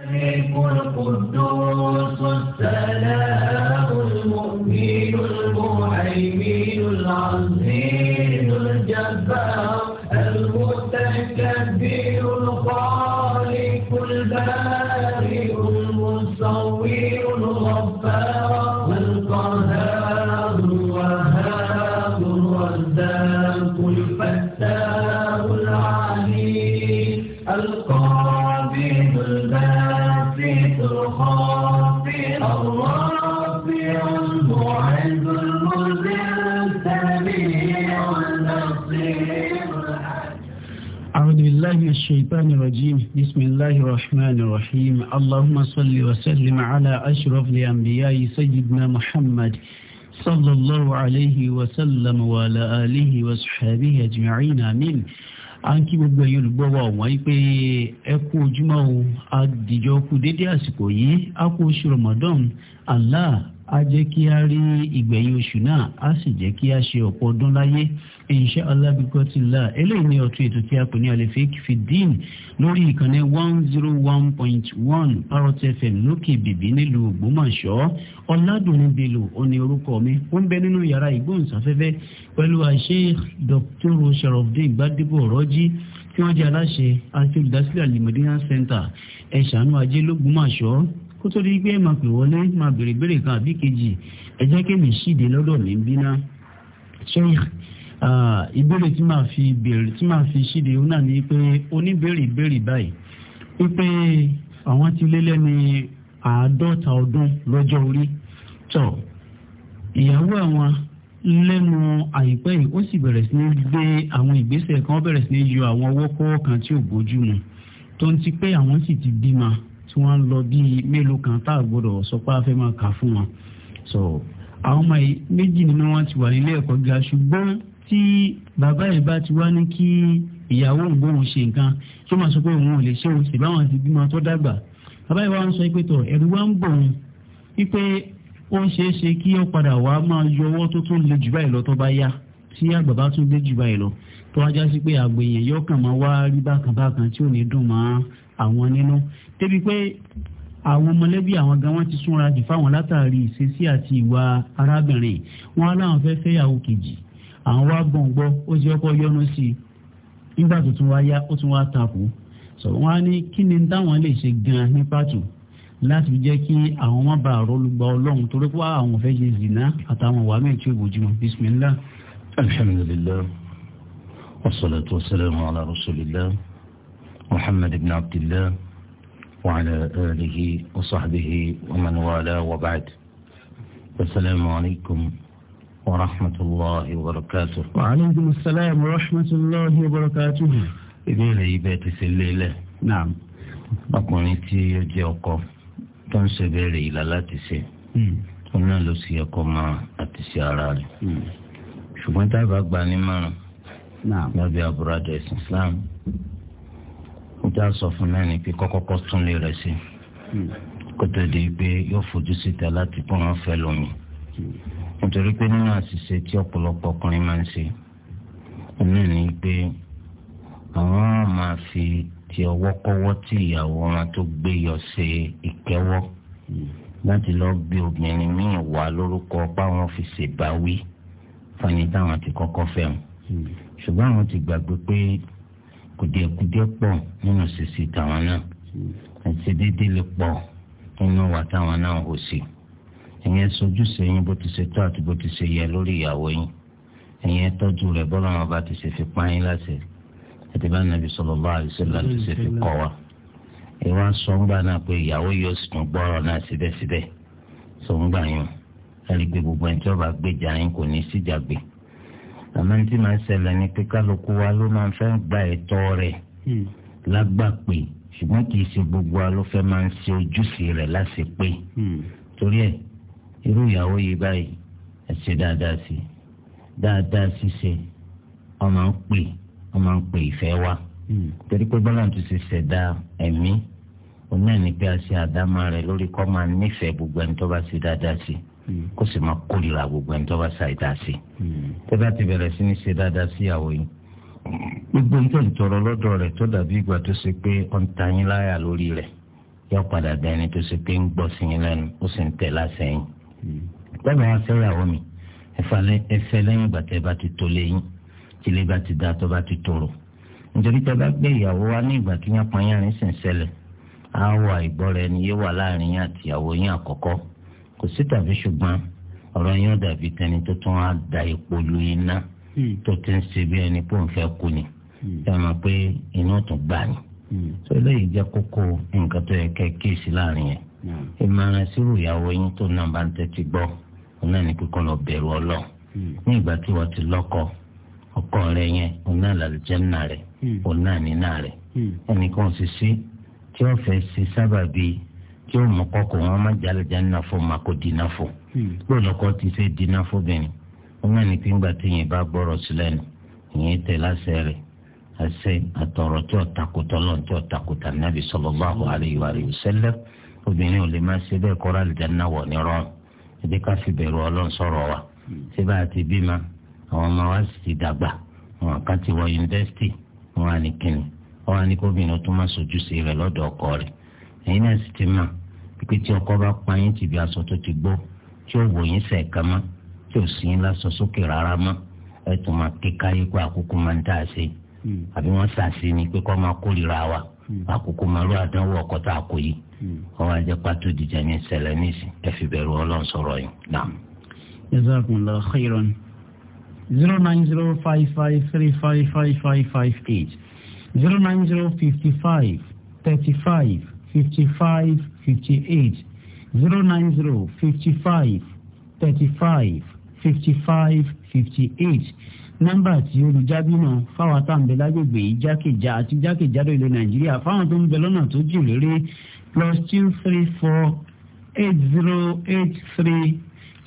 الملك القدوس السلام المؤمن المهيمن العزيز الجبار الرحيم اللهم صل وسلم على أشرف الأنبياء سيدنا محمد صلى الله عليه وسلم وعلى آله وصحبه أجمعين آمين àǹkí gbogbo ẹ̀yin olùgbọ́ wa ọ̀wọ́n yìí pé ẹ kú ojúmọ́ o àdìjọ kú dédé àsìkò yìí a kú oṣù Ramadan Allah á jẹ́ kí a rí ìgbẹ̀yìn oṣù náà á sì jẹ́ kí a ṣe ọ̀pọ̀ ọdún láyé insha Allah bi qautillah eléyìí ni ọ̀tún ètò tí a pè ní alifik fidin lórí ìkànnì one zero one point one parrot fm lókè bèbí nílùú ògbómọ̀ṣọ́ ọ̀làdùnrin bello òní orúkọ mi ó ń bẹ nínú yàrá ìgbóhùnsáfẹ́fẹ́ pẹ̀lú Sheikh Dr. sharafdin gbadebo ọ̀rọ̀jì tí wọ́n jẹ́ aláṣẹ àti olùdásílẹ̀ alimọ̀dínà center ẹ̀ṣánú ajé lógbómọ̀ṣọ́ kó tó di pé máa pè wọlé máa bèrè ìbéèrè tí màá fi béèrè tí màá fi ṣíde òun náà ni pé oníbèrè ìbéèrè báyìí wípé àwọn ti lé lẹ́ni àádọ́ta ọdún lọ́jọ́ orí tọ̀ ìyàwó àwọn lẹ́nu àìpẹ́ yìí ó sì bẹ̀rẹ̀ sí ní gbé àwọn ìgbésẹ̀ kan bẹ̀rẹ̀ sí ní yọ àwọn ọwọ́ kọ́wọ́ kan tí ò bójú mu tó ń ti pé àwọn sì ti bímọ tí wọ́n ń lọ bíi mélòó kan tá a gbọ́dọ̀ sọ pé a fẹ́ máa kà fún wọn. so àwọn ọmọ yìí méjì nínú wọn ti wà nílé ẹ̀kọ́ ga ṣùgbọ́n tí bàbá yìí bá ti wá ní kí ìyàwó ògbóhùn ṣe nǹkan tó máa sọ pé òun ò lè ṣe òun sì báwọn ti bímọ tó dàgbà bàbá yìí wá ń sọ pé tọ ẹ̀rù wá ń bọ̀ òun wípé ó ń ṣeé ṣe kí ó padà wá máa yọwọ́ tó tún le jù báyìí lọ tó bá yá tí àgbà bá tún dé jù báyìí lọ tó wá sí pé àgbèyàn yóò kàn máa wá rí bákan bákan tí ò ní dùn mọ́ àwọn nínú débi pé àwọn mọ̀lẹ́bí àwọn gan wọ́n ti súnra jù fáwọn látàrí ìṣesí àti ìwà arábìnrin wọn aláwọn fẹ́ fẹ́yàwó kejì àwọn wá gbọ̀ngbọ́ ó ti ọkọ̀ yọnu sí i nígbà tó tún wá yá ó tún wá takò sọ wọn á ní kí ni táwọn lè ṣe gan ní pàtó láti jẹ́ kí àwọn má bàa rọlùgbà ọlọ́run torí pé àwọn fẹ́ ṣe zìnà àtàwọn wàá mẹ́rin tí ó bójúmọ́ bisimilá. alhamdulilayi wasalaatu wasalaamu ala rasulillah muhammad ibn abdillah wa ala alihi wa sahbihi wa man wala wa ba'd. asalaamu alaykum. As ورحمة الله وبركاته وعليكم السلام ورحمة الله وبركاته ìbéèrè ibẹ̀ ti ṣe lélẹ̀. naam. ọkùnrin tí ó jẹ́ ọkọ tó ń ṣe béèrè ìlà láti ṣe. òun náà ló sì ara gba ní márùn. naam. lábẹ́ àbúradà ẹ̀sìn Islam. ó já sọ fún náà ni pé kọ́kọ́kọ́ tún lè rẹ̀ sí. kó tó di pé yóò fojú síta láti pọ́n fẹ́ lómi. nítorí pé nínú àṣìṣe tí ọ̀pọ̀lọpọ̀ ọkùnrin máa ń ṣe òun ní pé àwọn máa fi ti ọwọ́ kọ́wọ́ tí ìyàwó wọn tó gbé yọ ṣe ìkẹ́wọ́ láti lọ gbé obìnrin míì wá lórúkọ báwọn fi ṣèbáwí fani táwọn ti kọ́kọ́ fẹ́ wọn ṣùgbọ́n àwọn ti gbàgbé pé kùdìẹ̀kùdìẹ̀ pọ̀ nínú ṣíṣe tàwọn náà àti déédéé lè pọ̀ nínú wà táwọn náà ò sí ẹ̀yin sojúṣe yín bó ti ṣe tó àti bó ti ṣe yẹ lórí ìyàwó yín ẹ̀yin tọ́jú rẹ̀ bọ́lá wọn bá ti ṣe fi pa yín láṣẹ àti bá nàbí sallallahu alaihi wasallam ti ṣe fi kọ́ wa ìwà sọ́ngbà náà pé ìyàwó yóò sì tún gbọ́rọ̀ náà síbẹ̀síbẹ̀ sọ́ngbà yín ẹ̀rí pé gbogbo ẹni tí wọ́n bá gbèjà yín kò ní í síjà gbé àmọ́ tí màá ṣẹlẹ̀ ni pé kálukú wa ló máa fẹ́ gba ẹ̀tọ́ rẹ̀ hmm. lágbàpè ṣùgbọ́n kì í ṣe gbogbo wa ló fẹ́ máa ń ṣe ojúṣe rẹ̀ láṣepé hmm. torí ẹ̀ irú ìyàwó yìí báyìí ẹ ṣe dáadáa sí dáadáa ṣíṣe ọmọ ń pè ọmọ ń pè ìfẹ́ wa hmm. torí pé bọ́lá tó ṣe ṣẹ̀dá ẹ̀mí òun náà ní pé a ṣe àdámọ́ rẹ̀ lórí kọ́ máa nífẹ̀ẹ́ gbogbo ẹni tó bá ṣe dáadáa sí hmm. kó sì máa kórìíra gbogbo ẹni tó bá ṣàìdá sí hmm. tó bá ti bẹ̀rẹ̀ sí ní ṣe dáadáa sí ìyàwó yìí gbogbo ń tẹ̀ ń tọrọ lọ́dọ̀ rẹ̀ tó dàbí ìgbà tó ṣe pé ó ń ta láyà lórí rẹ̀ yóò padà dẹni tó ṣe pé ń gbọ́ sí yín lẹ́nu ó sì ń tẹ̀ láṣẹ bẹ́ẹ̀ bá wá sẹ́rẹ̀ àwọn mi ẹ̀fẹ̀ lẹ́yìn ìgbà tẹ́ bá ti tó lẹ́yìn tí ilé bá ti dá tó bá ti tòrò nítorí tẹ́ bá gbé ìyàwó wa ní ìgbà tí yẹn pọn yẹn sì ń ṣẹlẹ̀ àwọ̀ àìgbọ́ra ẹni yé wà láàrin yẹn àti ìyàwó yẹn àkọ́kọ́ kò sí tàbí ṣùgbọ́n ọ̀rọ̀ yẹn dàbí tẹni tó tún á da epo lu iná hmm. tó ti ń ṣe bí ẹni pò ń fẹ́ kú ni hmm. ẹ mọ̀ pé inú tún gbà ni. Hmm. sọ eléyìí jẹ́ kókó nǹkan tó yẹ kẹ́ kíyèsí láàrin yẹn. ìmọ̀ràn sírù ìyàwó yín tó náà bá ń tẹ́tí gbọ́ òun náà ní kíkọ́ lọ bẹ̀rù ọlọ́ ní ìgbà tí wọ́n ti lọ́kọ ọkọ rẹ yẹn òun náà làlùjànnà rẹ òun náà nínà rẹ sì sí tí wọ́n fẹ́ ṣe sábàbí tí ó mọ̀ kọ́kọ́ wọn má fún dínà fún ti ṣe dínà fún bìnrin tí gbọ́rọ̀ sílẹ̀ nù ìyẹn rẹ̀ àṣẹ àtọ̀rọ̀ tí ọ̀takùtọ̀ lọ́n tí ọ̀takùtà nàbì obìnrin ò lè máa ṣe bẹ́ẹ̀ kọ́ra àlùjáná wọ̀ ní rọrùn ẹ̀jẹ̀ ká fi bẹ̀rù ọlọ́run sọ̀rọ̀ wa ṣé bá a ti bímọ àwọn ọmọ wa sì ti dàgbà àwọn kan ti wọ yunifásitì wọn á ní kíni wọn á ní kóbìnrin tó máa sojú sí lọ́dọ̀ ọkọ rẹ ẹ̀yin náà sì ti mọ̀ pípé tí ọkọ bá pa yín tìbí aṣọ tó ti gbó tí ò wò yín mọ́ tí ò sí yín lásọ sókè rárá mọ́ máa ké káyé pé wa hmm. àkókò máa lọ ọkọ tá a Hmm. wọn máa jẹ pàtó dìjà ní ìṣẹ̀lẹ̀ nísìn ẹ fi bẹ̀rù Ọlọ́run sọ̀rọ̀ yìí náà. jazakumullahu khairan zero nine zero five five three five five five five eight zero nine zero fifty five thirty five fifty five fifty eight zero nine zero fifty five thirty five fifty five fifty eight nọ́mbà tí olùjábí náà fáwọn àtàǹbẹ̀lágbègbè jákèjá àti jákèjádò ilẹ̀ nàìjíríà fáwọn tó ń bẹ lọ́nà tó jù lérè plus two three four eight zero eight three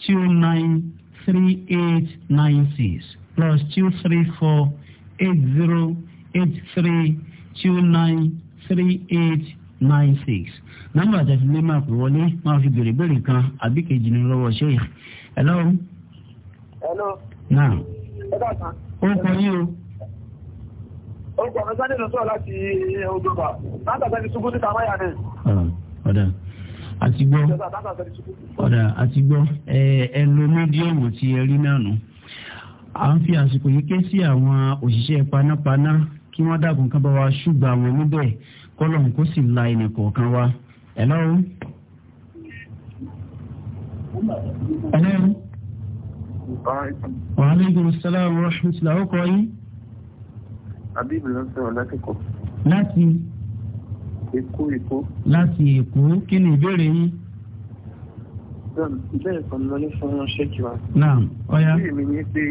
two nine three eight nine six plus two three four eight zero eight three two nine three eight nine six nọ́mbà àti àtìlẹ́yìn máa pè wọlé máa fi bèrè bèrè kan àbí kejì ní lọ́wọ́ ṣe é hello. hello. náà. ẹ bá kan. ó kọ yín o orúkọ mi sáyẹn lọ sọ láti ọjọba látàgbẹni ṣubú níta máyà náà ọ̀dà àti gbọ́ ọ̀dà àti gbọ́ ẹ lo mídíọ̀mù tí ẹ rí náà nù. à ń fi àsìkò yìí ké sí àwọn òṣìṣẹ́ panápaná kí wọ́n dàgùn ká bá wa ṣùgbọ́n àwọn níbẹ̀ kọ́lọ̀n kó sì la ẹnì kọ̀ọ̀kan wa. hello. hello. wa aleykum salaam wa rahmatulah. ó kọ́ yín. àbí ìbùdó láti. Èkó Èkó. Láti Èkó, kí ni ìbéèrè yín? Bẹ́ẹ̀ kan lọ ní fún ṣẹ́kì wa. Náà, ọ̀ya. Ìbéèrè mi ni pé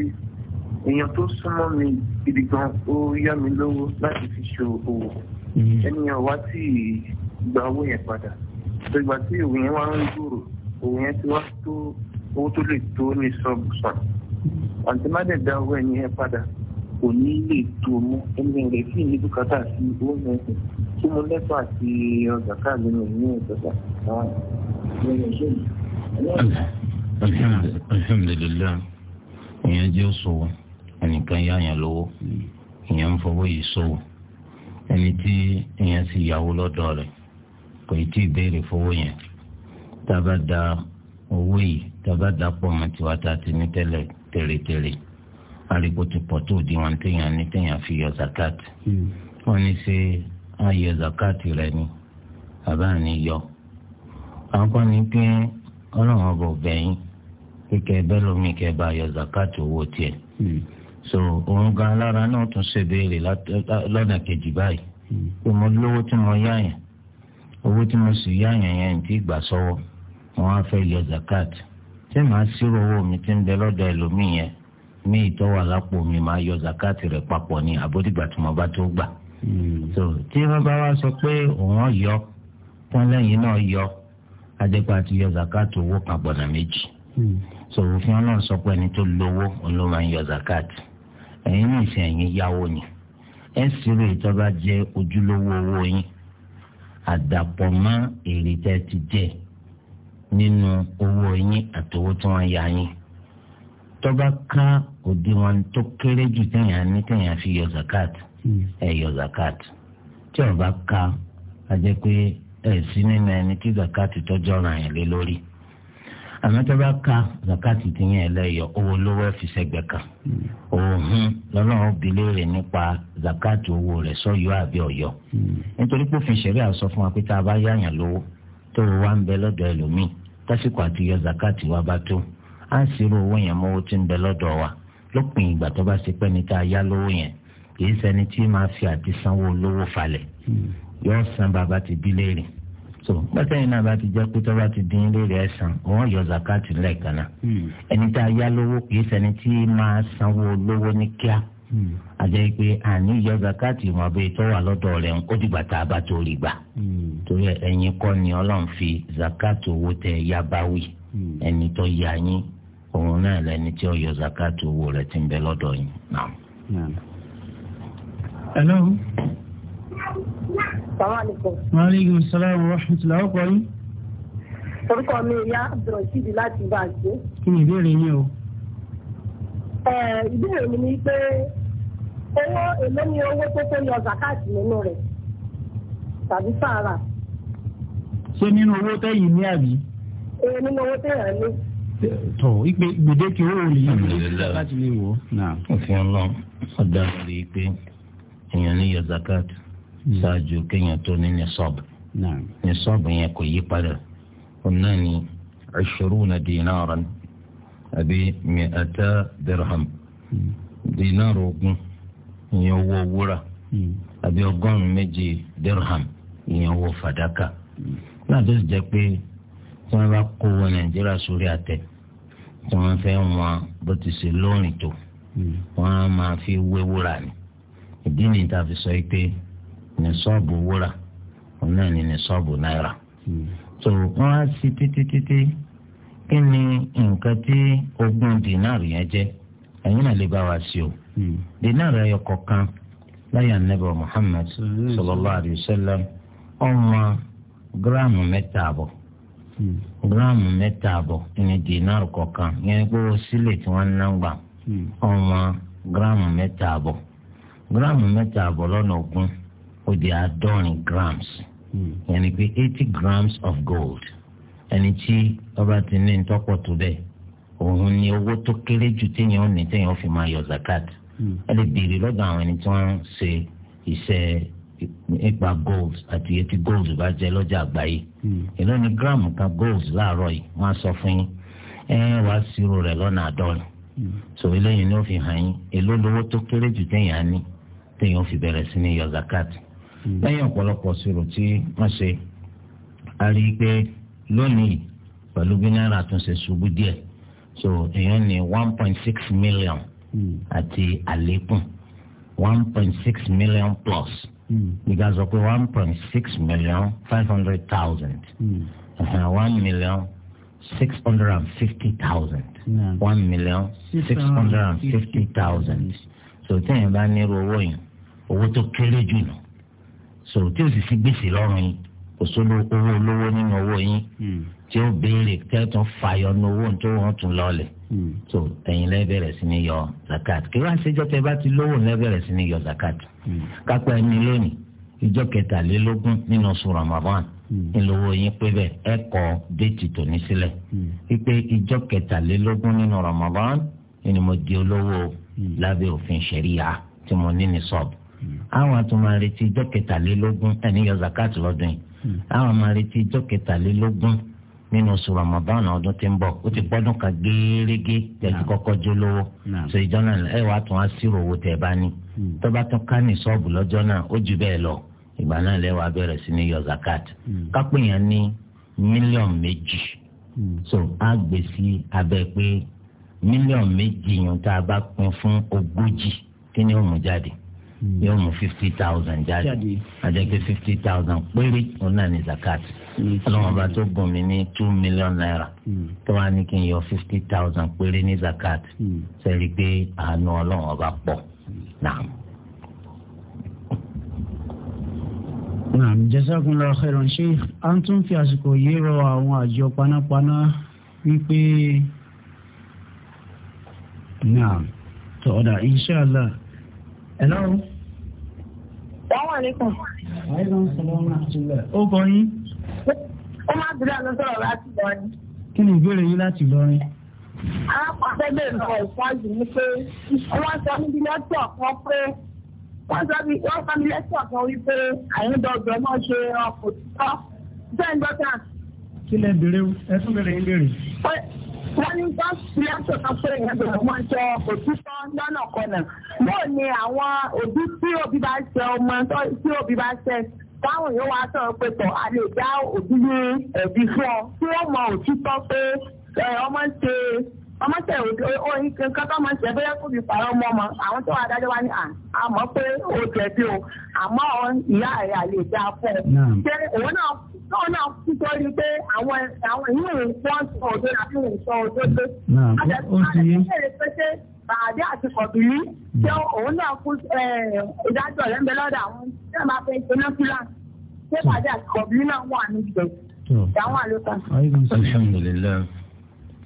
èèyàn tó súnmọ́ mi gidi gan ó yá mi lówó láti fi ṣe òwò. Hmm. Ẹnìyàn wá tí gba owó yẹn padà. Ìgbà tí òwò yẹn wá ń gbòòrò, òwò yẹn ti wá tó owó tó lè tó ní Àǹtí má dẹ̀ owó ẹni yẹn padà kò ní lè tó rẹ̀ sì ní bùkátà tí mo lẹ́tọ̀ àti ọjà káàdì mi ní ìjọba àwọn alhamdulilayi ìyẹn jẹ́ òṣòwò ẹnìkan yá yẹn lówó ìyẹn ń fọwọ́ yìí ṣòwò ẹni tí ìyẹn sì yàwó lọ́dọ̀ rẹ̀ kò tí ì béèrè fowó yẹn tá a bá owó yìí tá pọ̀ mọ́ tiwa ti ní tẹ́lẹ̀ tẹ́rẹ̀tẹ́rẹ̀ ariwo ti pọ̀ tó di wọn téèyàn ní téèyàn fi yọ zakat hmm. wọ́n ní ṣe wọn yọ zakati rẹ ni bàbá ni yọ ni pé ọlọ́run ọbọ̀ bẹ̀yìn kíkẹ́ bẹ́ẹ̀ lómi bá yọ zakati owó tiẹ̀ hmm. so òun gan alára náà tún ṣe béèrè kejì báyìí hmm. pé mo lówó tí mo yá yẹn owó tí mo sì yá yẹn yẹn ti gbà sọ́wọ́ wọn á fẹ́ yọ zakati tí màá mi ti ń bẹ lọ́dọ̀ ìtọ́wà lápò mi yọ Hmm. so tí wọ́n bá wá sọ pé òun yọ kún lẹ́yìn náà yọ adépa ti yọ zakat owó kan gbọ̀nà méjì hmm. so òfin ọlọ́run sọ pé ẹni tó lówó ló máa ń yọ zakat ẹ̀yin ní ìsìn ẹ̀yin yáwó ni ẹ sì rè tó bá jẹ́ ojúlówó owó yín àdàpọ̀ mọ́ èrè tẹ́ ti jẹ nínú owó yín àtòwó tí wọ́n yá yín. tọ́ba ká òdiwọ̀n tó kéré jù téèyàn ní téèyàn fi yọ zakat hmm. ẹ yọ zakat tí ó bá ka a jẹ́ pé ẹ sí nínú ẹni tí zakat tọ́jú ọ̀ràn yẹn lé lórí tọba ka zakat ti ẹ lẹ́yọ owó lówó ẹ fi kan hmm. òhun nípa zakat owó àbí ọyọ hmm. nítorí pé òfin fún wa pé tá a bá yáyàn lówó tó ń bẹ yọ zakat wa bá tó. á ṣírò owó yẹn mọ́ owó tí ń bẹ lọ́dọ̀ wa lópin ìgbà tó bá ṣe pẹ́ ní tá a yá lówó yẹn kì í ṣẹni tí máa fi àti sanwó olówó falẹ̀ yóò san bàbá ti bí léèrè so gbẹ́sẹ̀yìn náà bá ti jẹ́ pé tó bá ti dín léèrè ẹ̀sán wọ́n yọ zakati lẹ́ẹ̀kan náà ẹni tá a yá lówó kì í ṣẹni tí máa sanwó olówó ní kíá àjẹ́ pé àní yọ zakati ìwọ̀nba ètò wà lọ́dọ̀ rẹ̀ ń kó dìgbà tá a bá tó rí gbà torí ẹ̀yin kọ́ ni ọlọ́run fi zakati owó tẹ̀ yá báwì ẹni tó yá yín òun náà lẹni tí ó yọ zakatu owó rẹ̀ ti ń bẹ lọ́dọ̀ yìí náà. hello. salaamaleykum. maaleykum salaam wa rahmatulah ọkọ yìí. orúkọ mi ìyá abdulrasheed láti bàjẹ́. kí ni ìbéèrè yín o. ìbéèrè mi ni pé owó èlé ni owó tó tó yọ zakati nínú rẹ̀ tàbí sàárà. ṣé nínú owó tẹ́yìn ní àbí. èyí nínú owó tẹ́yìn ní. tọ̀ ìpè gbèdéke owó yìí gbèdéke láti lè wọ̀. òfin ọlọ́run ọ̀dà lórí pé èèyàn ní yọ zakat ṣáájú kéèyàn tó ní ní sọ́ọ̀bù ní sọ́ọ̀bù yẹn kò yí padà òun náà ní ishiruna dinaran àbí mi'ata dirham hmm. dinar ogún ìyẹn owó wúrà hmm. àbí dirham ìyẹn owó náà tó sì pé. tí wọ́n bá kó wọ nàìjíríà sórí àtẹ tí wọ́n fẹ́ wọn bó ti ṣe lóòrìn tó wọ́n á máa fi wé wúrà ni ìdí ni tá a fi sọ pé ní sọ́ọ̀bù wúrà òun náà ni ní sọ́ọ̀bù náírà tó wọ́n á sí títí kí ni nǹkan tí ogún dínárì yẹn jẹ́ ẹ̀yin náà lè bá wa sí o dínárì ẹyọ kọ̀ọ̀kan láyé ànábì Muhammad sallallahu alaihi wasallam ọmọ gíráàmù mẹ́ta àbọ̀. gíráàmù mẹ́ta àbọ̀ ní dínárù kọ̀ọ̀kan yẹn pé ó sílẹ̀ tí wọ́n ń ná gbà ọmọ gíráàmù mẹ́ta àbọ̀ gíráàmù mẹ́ta àbọ̀ lọ́nà ogún ó di àádọ́rin grams yẹn ni pé eighty grams of gold ẹni tí ọba ti ní ntọ́pọ̀ tó bẹ́ẹ̀ òun ni owó tó kéré ju téèyàn ò ní téèyàn fi máa yọ zakat ẹ lè béèrè lọ́dọ̀ àwọn ẹni tí wọ́n ń ṣe iṣẹ́ ipa gold àti iye tí gold bá jẹ lọ́jà àgbáyé èló hmm. ni gíráàmù kan gold láàárọ̀ yìí wọ́n á sọ fún yín ẹ wàá ṣírò rẹ̀ lọ́nà àádọ́rin hmm. so eléyìí ni ó fi hàn yín èló lówó tó kéré jù téèyàn á ní téèyàn fi bẹ̀rẹ̀ sí ní yọ zakat hmm. lẹ́yìn ọ̀pọ̀lọpọ̀ ṣírò tí wọ́n ṣe a rí i pé lónìí pẹ̀lú bí náírà tún ṣubú díẹ̀ so èèyàn ní one point six million àti àlékún one point six million plus ìgbà sọ pé one point six million five hundred thousand mm. uh-huh. one million six hundred and fifty thousand one million six hundred and fifty thousand so téèyàn bá nírú owó yẹn owó tó kéré jù nù so tí o sì fi gbèsè lọ́rùn yìí kò sóló owó olówó nínú owó yín mm. tí ó béèrè kẹ́tọ́ fàyọ ní owó tó wọ́n tún lọ́ọ̀lẹ̀ mm. so ẹ̀yin lẹ́bẹ̀rẹ̀ sí ni yọ zakat kí wọ́n á ṣe jẹ́ pé bá ti lówó lẹ́bẹ̀rẹ̀ sí ni yọ zakat kápẹ́ ẹni lónìí ìjọ kẹtàlélógún nínú oṣù Ramadan hmm. ìlówó yín pé bẹ́ẹ̀ ẹ kọ déètì tòní sílẹ̀ hmm. wípé ìjọ kẹtàlélógún nínú Ramadan ni mo di olówó hmm. lábẹ́ òfin ṣẹ̀ríya tí mo ní ní sọ́ọ̀bù àwọn tó máa retí ìjọ kẹtàlélógún ẹni yọ zakat lọ́dún yìí àwọn máa retí ìjọ kẹtàlélógún nínú oṣù ramadan ọdún tí ń bọ̀ ó ti gbọ́dún mm. kan gẹ́ẹ́rẹ́gẹ́ tẹ̀sí kọkọ jó lówó so ìjọ náà ẹ wàá tún á sírò owó tẹ bá ní mm. tó tún ká ní sọ́ọ̀bù lọ́jọ́ náà bẹ́ẹ̀ lọ ìgbà náà lẹ́wọ̀ sí ní yọ zakat mm. so á gbé sí pé méjì tá a bá fún ogójì kí Hmm. yóò mú fifty thousand jáde àjẹ́ pé fifty thousand péré òun náà ní zakat hmm. ọlọ́wọ́n bá tó bùn mí ní two million naira hmm. tó wá ní kí n yọ fifty thousand péré ní zakat sẹ́rí pé àánú ọlọ́wọ́n bá pọ̀ náà. naam jazakumullahu khairan sheikh a tún fi àsìkò yìí rọ àwọn àjọ panápaná wípé naam tọ́ọ̀dà inshallah. Hello. Sàmúlẹ̀kùn. Àìsàn Sọlọ́run Àtúlẹ̀. Ó kọ yín. Ó máa dúró àná sọ̀rọ̀ láti lọ́rin. Kí ni ìbéèrè yín láti lọ́rin? Alákọ̀ọ́fẹ́ bèèrè lọ ìwádìí ni pé wọ́n sọ níbi lẹ́tọ̀ kan pé wọ́n sọ bí wọ́n sọ níbi lẹ́tọ̀ kan wípé àyíndọ̀gbẹ́ náà ṣe ọkọ̀ títọ́. Bẹ́ẹ̀ ni dọ́kítà. Kí lẹ bèrè ẹ tún bèrè yín bèrè wọ́n ní gọ́ọ̀sì lẹ́sọ̀ kan pé ìyàgbọ̀n máa ń sọ òtítọ́ lọ́nà kọ̀nà bóò ni àwọn òbí tí òbí bá ṣe ọmọ tí òbí bá ṣe táwọn yóò wá sọ̀rọ̀ pé tọ̀ a lè dá òbí ní ẹ̀bí fún ọ tí ó mọ òtítọ́ pé ọmọ ń ṣe ọmọ tẹ oyin kankan tó máa ń ṣe bóyá kó fi pààrọ̀ ọmọ ọmọ àwọn tó wà dájọ́ wá ní à mọ̀ pé o jẹ̀bi o àmọ́ ìyá rẹ̀ àlè dá fún ọ ṣé òun náà náà náà kúkọ rí pé àwọn àwọn ìwé ìwọ̀n sọ òdo àbí ìwọ̀n sọ òdo pé. àtẹ̀síwájú àti ìṣẹ̀lẹ̀ pé ṣé bàdé àti kọ̀bìlì ṣé òun náà kú ìdájọ́ rẹ̀ ń bẹ lọ́dọ̀ àwọn ṣé máa fẹ́ ṣe náà fúlà ṣé bàdé àti kọ̀bìlì náà wà níbẹ̀. ìyàwó àlùkò. alhamdulilayi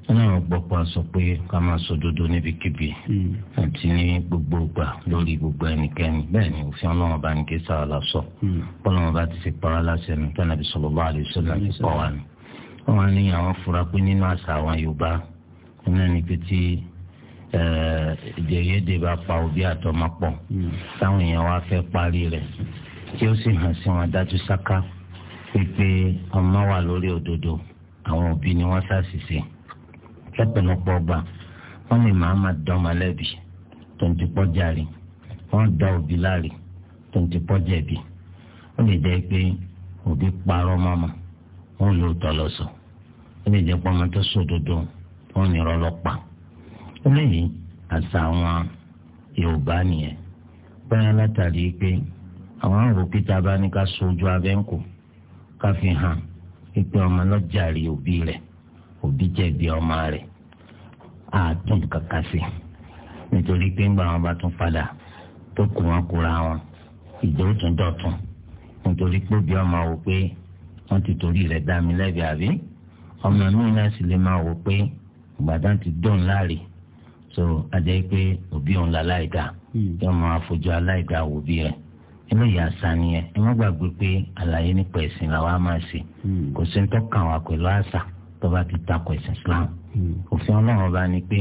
ọlọ́run gbọ́pọ̀ sọ pé ká máa sọ òdodo níbikíbi hmm. àti ní gbogbo ìgbà lórí gbogbo ẹnikẹ́ni bẹ́ẹ̀ ni òfin ọlọ́run bá ní kí sáà la sọ hmm. ọlọ́run bá ti fi para láṣẹ mi tó nàbí sallallahu alaihi wasallam ní pọ̀ wá ni. wọ́n ní àwọn fura pé nínú àṣà àwọn yorùbá náà ní pé tí èdèyédè bá pa òbí àtọmọ pọ̀ hmm. táwọn èèyàn wá fẹ́ parí rẹ̀ tí ó sì hàn sí wọn dájú sáká pé pé ọmọ wà lórí òdodo àwọn òbí ni wọ́n ṣàṣìṣe. lọ́pọ̀lọpọ̀ ọba wọ́n ní màá máa dán ọmọ lẹ́bi tó ń ti pọ́ jàre wọ́n dá òbí láre tó ń ti pọ́ jẹ̀bi ó lè jẹ́ pé òbí parọ́ mọ́mọ́ wọ́n tọ́ lọ sọ lè jẹ́ pé ọmọ tó wọ́n ní àṣà àwọn Yorùbá nìyẹn látàrí pé àwọn àrò òbí jẹ̀bi ọmọ rẹ̀ àtún kankan sí nítorí pé ńgbà wọn bá tún padà tó kù wọn kúra wọn ìjọ ó tún dọ̀tún nítorí pé òbí ọmọ wò pé wọ́n ti torí rẹ̀ dá mi lẹ́bi àbí ọmọ mi náà sì lè máa wò pé ìgbàdàn ti dùn láàrè so àjẹ́ pé òbí òun la láìda yóò hmm. máa fojú aláìda wò bí rẹ̀ eléyìí àṣà nìyẹn ẹ má gbàgbé pé àlàyé nípa ẹ̀sìn làwa máa ṣe hmm. kò sí ní tọ́ka wa pẹ̀lú àṣà tó bá ti takò ẹ̀sìn islam hmm. òfin ọlọ́run ọba ni pé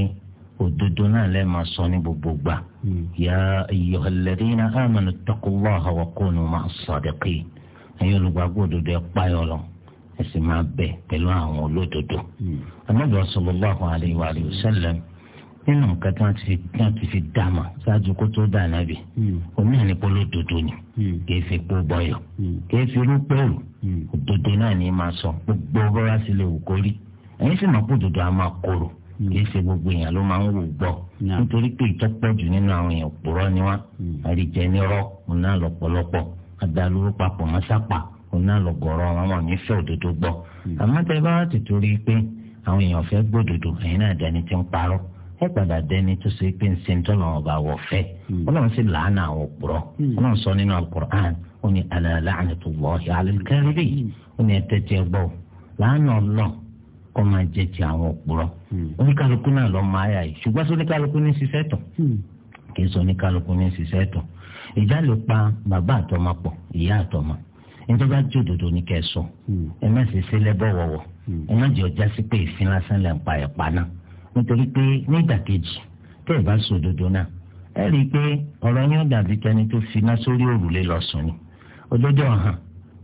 òdodo náà lè máa sọ ní gbogbo gbà hmm. ya ayyuhal ladhina amanu ittaqullaha wa kunu ma'as sadiqin ẹ̀yin olùgbàgbọ́ òdodo ẹ̀ páyọ̀ lọ ẹ̀sìn máa bẹ̀ pẹ̀lú àwọn olódodo. anábìyàn hmm. sallallahu alayhi wa sallam nínú nǹkan tí wọ́n ti fi wọ́n ti fi dá ma ṣáájú kó tó dà nàbì omi hmm. àní dodo ni hmm. kìí fi kó bọyọ hmm. kìí fi irú pẹ̀lú òdodo náà sọ gbogbo bọ́lá sí lè wù kó rí sì máa kó dodo a máa kóró kìí ṣe gbogbo èèyàn ló máa ń wò gbọ́ nítorí pé ìtọ́pọ̀ jù nínú àwọn èèyàn òpùrọ́ ni wá àríjẹ ní rọ́ adalóró papọ̀ ẹ padà dẹni tó ṣe pé ń ṣe ń tọ́lọ̀ ọba wọ̀ fẹ́ hmm. ọlọ́run sì làánà àwọn òpùrọ̀ hmm. ọlọ́run sọ nínú alukur'an ó ní ala la'natullahi ala al-kadhibin hmm. ó ní ẹtẹ́ tiẹ̀ gbọ́ làánà ọlọ́ kọ́ máa jẹ ti àwọn òpùrọ̀ oníkálukú náà lọ́ máa yà yìí ṣùgbọ́n sọ oníkálukú ní ṣiṣẹ́ tọ̀ kì í sọ oníkálukú ní ṣiṣẹ́ tọ̀ ìjà lè pa bàbá àtọmọ pọ̀ ìyá àtọmọ nítorí bá jó ní kẹ́ ẹ ẹ má ṣe ṣe lẹ́bọ̀ ẹ má jẹ́ ọjà sí pé ìfin lásán lẹ́ ń pa ẹ̀ pa náà nítorí pé nígbàkejì tẹ́ ẹ bá sòdodo náà ẹ rí i pé ọ̀rọ̀ yín dàbí tẹni tó fi iná sórí òrùlé lọ sùn ni òdodo ọ̀hàn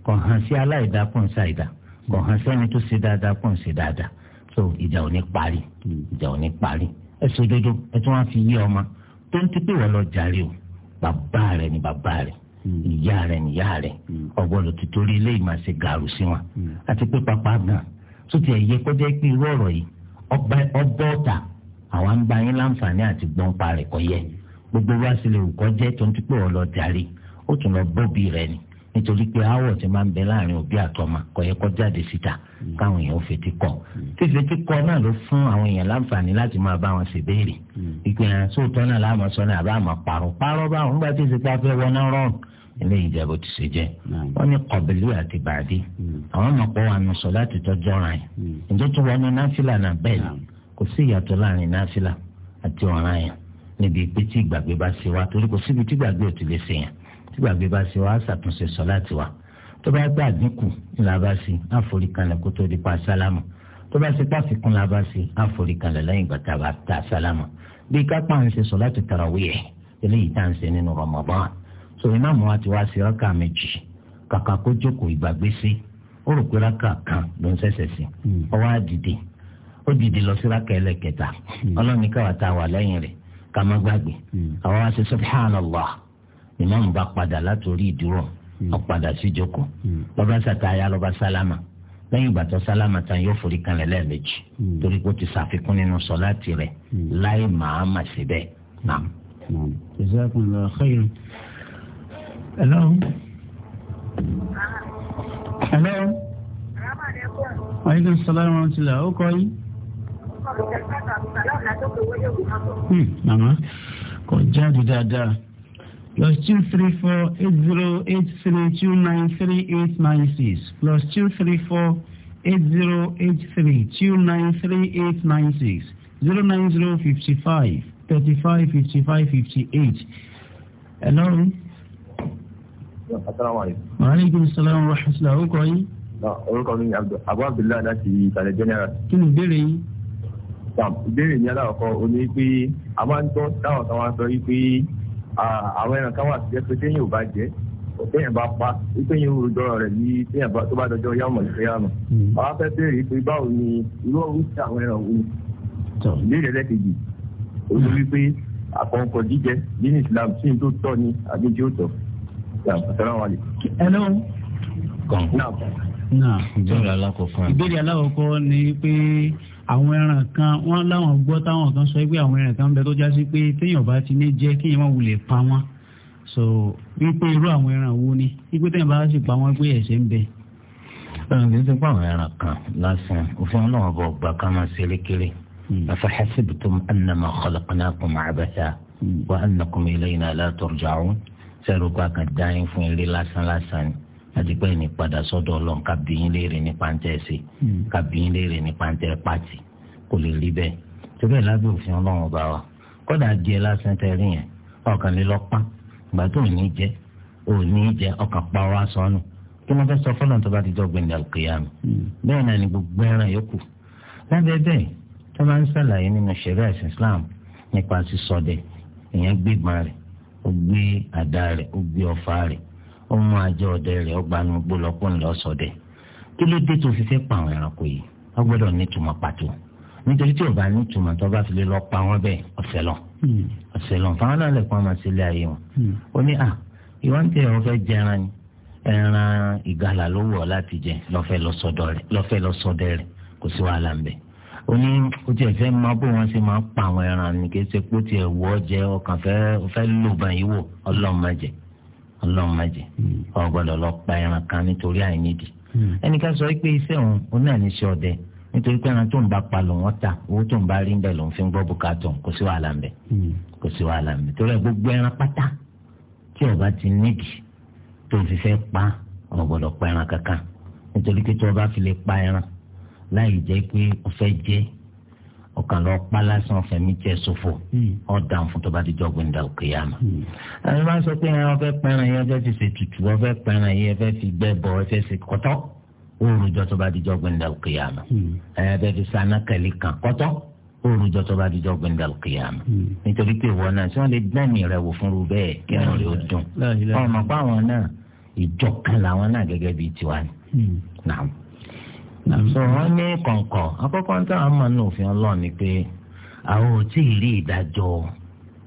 kò hàn sí aláìdá kò ń ṣàìdá kò hàn sẹ́ni tó ṣe dáadáa kò ń ṣe dáadáa so ìjà ò ní parí ìjà ò ní parí ẹ sòdodo ẹ tún wá fi yé ọmọ tó ń tipi wọ́n lọ jàre o bàbá rẹ̀ ni bàbá rẹ̀ ìyá rẹ̀ ni ìyá rẹ̀ ọ̀gbọ́dọ̀ ti torí ilé ìmọ̀ ṣe gàrú sí wọn hmm. àti pé pápá gan tó ti ẹ̀ yẹ kó pé irú ọ̀rọ̀ yìí ọgọ́ta àwa ń gba yín láǹfààní àti gbọ́n parẹ́ kọ́ yẹ gbogbo wa sì lè kọ́ jẹ́ tó ń ti pé ọ lọ darí ó tún lọ bóbi rẹ ni nítorí pé aáwọ̀ ti máa ń bẹ láàrin òbí àtọmọ kò yẹ kó jáde síta káwọn èèyàn fetí kọ fífetí kọ náà ló fún àwọn èèyàn láǹfààní láti máa bá wọn ṣèbéèrè hmm. ìpè hàn sóòótọ́ náà láàmú sọ náà àbá àmọ́ pààrọ̀ pààrọ̀ báwọn nígbà tí ìsìnkú afẹ́ wọn rọrùn eléyìí jẹ́ bó ti ṣe jẹ́ wọ́n ní kọ̀bìlì àti bàdí hmm. àwọn ọmọ pọ̀ wà nùsọ̀ láti tọ́jú ọ̀ràn yẹn hmm. ǹjẹ́ tó wọnú náfìlà náà bẹ́ẹ̀ ni kò sí ìyàtọ̀ láàrin náfìlà àti ọ̀ràn yẹn níbi pé tí ìgbàgbé bá ṣe wá torí kò síbi tí ìgbàgbé ò ti lè ṣe yẹn tí ìgbàgbé bá ṣe wá ṣàtúnṣe sọ láti wá tó bá gbà dínkù ńlá bá ṣe kó tó di pa sálámù tó bá ṣe pàfikún la bá ṣe lẹ́yìn ìgbà bá ta sálámù bí kápá ń ṣe sọ láti tarawih eléyìí tá à ń ṣe nínú Ramadan so ìmáàmù wa ti wá sí rákà méjì kàkà kó jókòó ìgbàgbé sí ó rò pé rákà kan ló ń ṣẹ̀ṣẹ̀ sí hmm. ó wá dìde ó dìde lọ sí rákà ẹlẹ́kẹta hmm. ọlọ́ni káwa tá a wà lẹ́yìn rẹ̀ ká má gbàgbé hmm. àwọn wa ṣe subhanallah ìmáàmù bá padà látòrí ìdúró ó padà sí jókòó lọ́ba sàtáyà lọ́ba sálámà lẹ́yìn ìgbà tó sálámà tán yóò forí kanlẹ̀ lẹ́ẹ̀mejì torí pé ó ti ṣàfikún nínú sọ̀láàtì rẹ̀ láì màá mà síbẹ̀ náà. Hello. Hello. Aleykum salaam wa rahmatulah. Ó kọ́ yín. Hmm, mama. kò jáde dáadáa. Plus two three four eight zero eight three two nine three eight nine six plus two three four eight zero eight three two nine three eight nine six zero nine zero fifty five thirty five fifty five fifty eight. Hello maaleykum salaam wa rahmatulah orúkọ yín. orúkọ mi abu abdullahi láti ìkàlẹ̀ general. kí ni ìbéèrè yín. ìbéèrè mi aláwọ̀kọ́ o ní pé a máa ń tọ́ táwọn kan wá sọ wípé àwọn ẹran kan wà sí pé téèyàn ò bá jẹ́ téèyàn bá pa téèyàn ò dọ́rọ̀ rẹ̀ ní téèyàn tó bá dọjọ́ yàmọ̀ ìfẹ́yàmọ̀. Hmm. àwọn afẹ́ béèrè pé báwo ni irú ọ̀hún sí àwọn ẹran òun. ìbéèrè lẹ́kejì o ní wípé àkọ́kọ́ jíjẹ nínú Islam tí n tó tọ́ ni àbí tí ó tọ́ hello. kàn. náà ìbéèrè alákọ̀ọ́kọ́. ìbéèrè alákọ̀ọ́kọ́ ni pé àwọn ẹran kan wọ́n láwọn gbọ́ táwọn kan sọ pé àwọn ẹran kan bẹ tó já sí pé téèyàn bá ti ní jẹ́ kéèyàn má wulẹ̀ pa wọ́n so wípé irú àwọn ẹran wo ni wípé téèyàn bá sì pa wọ́n pé ẹ̀ṣẹ̀ ń bẹ. ẹran kì í ti pa àwọn ẹran kan lásán òfin ọlọ́run ọba ọgbà ká máa ṣe lékeré hmm. afahasibitum annama khalaqnakum abatha wa annakum ilayna la turja'un sẹ́rù pa kan dá yín fún eré lásán lásán ni àti pé ní padà sọ́dọ̀ ọlọ́run ká bí yín léèrè ní pàǹtẹ́ ṣe hmm. ká bí yín léèrè ní pàǹtẹ́ pàtì kò lè rí bẹ́ẹ̀ tó bẹ́ẹ̀ lábẹ́ òfin ọlọ́run ọba wa kódà díẹ̀ lásán tẹ́rí yẹn ọ̀kànlélọ́pàá ìgbà tó ò ní jẹ́ ò ní jẹ́ ọkàn pa wá sọnù kí wọ́n fẹ́ sọ fọ́lọ́n tó bá ti jọ gbẹ̀ndẹ̀ àlùkìyàmù hmm. bẹ́ẹ̀ náà ni gbogbo ẹran yòókù lábẹ́ bẹ́ẹ̀ tó máa ń ṣàlàyé nínú ṣẹ̀ríà Islam nípa sísọdẹ ìyẹn gbígbọn rẹ̀ ó gbé àdá rẹ̀ ó gbé ọfà rẹ̀ ó mú ajá ọdẹ rẹ̀ ó gbanú gbólọpọ ńlọ sọdẹ kí ló dé tó fi fẹ́ pa àwọn ẹranko yìí wọ́n gbọ́dọ̀ nítumọ̀ pàtó nítorí tí o bá nítumọ̀ tó bá fi lè lọ pa wọ́n bẹ́ẹ̀ ọ̀sẹ̀ lọ hmm. ọ̀sẹ̀ lọ fáwọn náà lè pọ́n ọmọ sí ilé ayé wọn. Hmm. ó ní à ìwọ ń tẹ ẹran fẹ́ jẹ ẹran ni ẹran ìgalà ló wọ̀ láti jẹ lọ́fẹ́ lọ́sọdẹ rẹ̀ kò sí wàhálà ń bẹ̀ ó ní ó tiẹ̀ fẹ́ máa bó wọn ṣe máa pa àwọn ẹran ní kí ṣe kó tiẹ̀ wọ́ jẹ ọkàn fẹ́ lò báyìí wò ọlọ́run má jẹ ọlọ́run má jẹ ọ hmm. gbọ́dọ̀ lọ pa ẹran kan nítorí àìnídìí hmm. ẹnìkan sọ pé iṣẹ́ òun ó náà ní ṣe ọdẹ nítorí pé ẹran tó ń bá pa lòun ọ̀tà owó tó ń bá rí ń bẹ̀ lòun fi ń gbọ́ bùkátà kò sí wàhálà ń bẹ̀ hmm. kò sí wàhálà ń bẹ̀ torí ẹ gbogbo ẹran pátá tí ọba ti nídìí tó fi fẹ́ pa ọ̀gbọ̀dọ̀ pa ẹran kankan nítorí pé tí ọba fi lè pa ẹran láì jẹ́ pé ó fẹ́ jẹ́ ọkàn lọ pa lásán fẹmi jẹ ṣòfò ọdà hmm. fún tó bá ti jọ gbẹndà òkè yàmà. Hmm. àwọn máa ń sọ pé wọn fẹ́ pẹran yẹn fẹ́ fi ṣe tutù wọn fẹ́ pẹran yẹn fẹ́ fi gbẹ bọ wọn fẹ́ ṣe kọ́tọ́ oòrùn jọ tó bá ti jọ gbẹndà òkè yàmà. Hmm. ẹ fẹ́ fi sanakẹlẹ kan kọ́tọ́ oòrùn tó bá di jọ gbẹndà kìyàmù nítorí pé ìwọ náà tí wọn rẹ wò fúnru bẹ́ẹ̀ kí wọn lè dùn ọmọ so wọ́n ní kọ̀ǹkọ̀ akọ́kọ́ tí àwọn máa ń òfin ọlọ́run ni pé àwọn ò tí ì rí ìdájọ́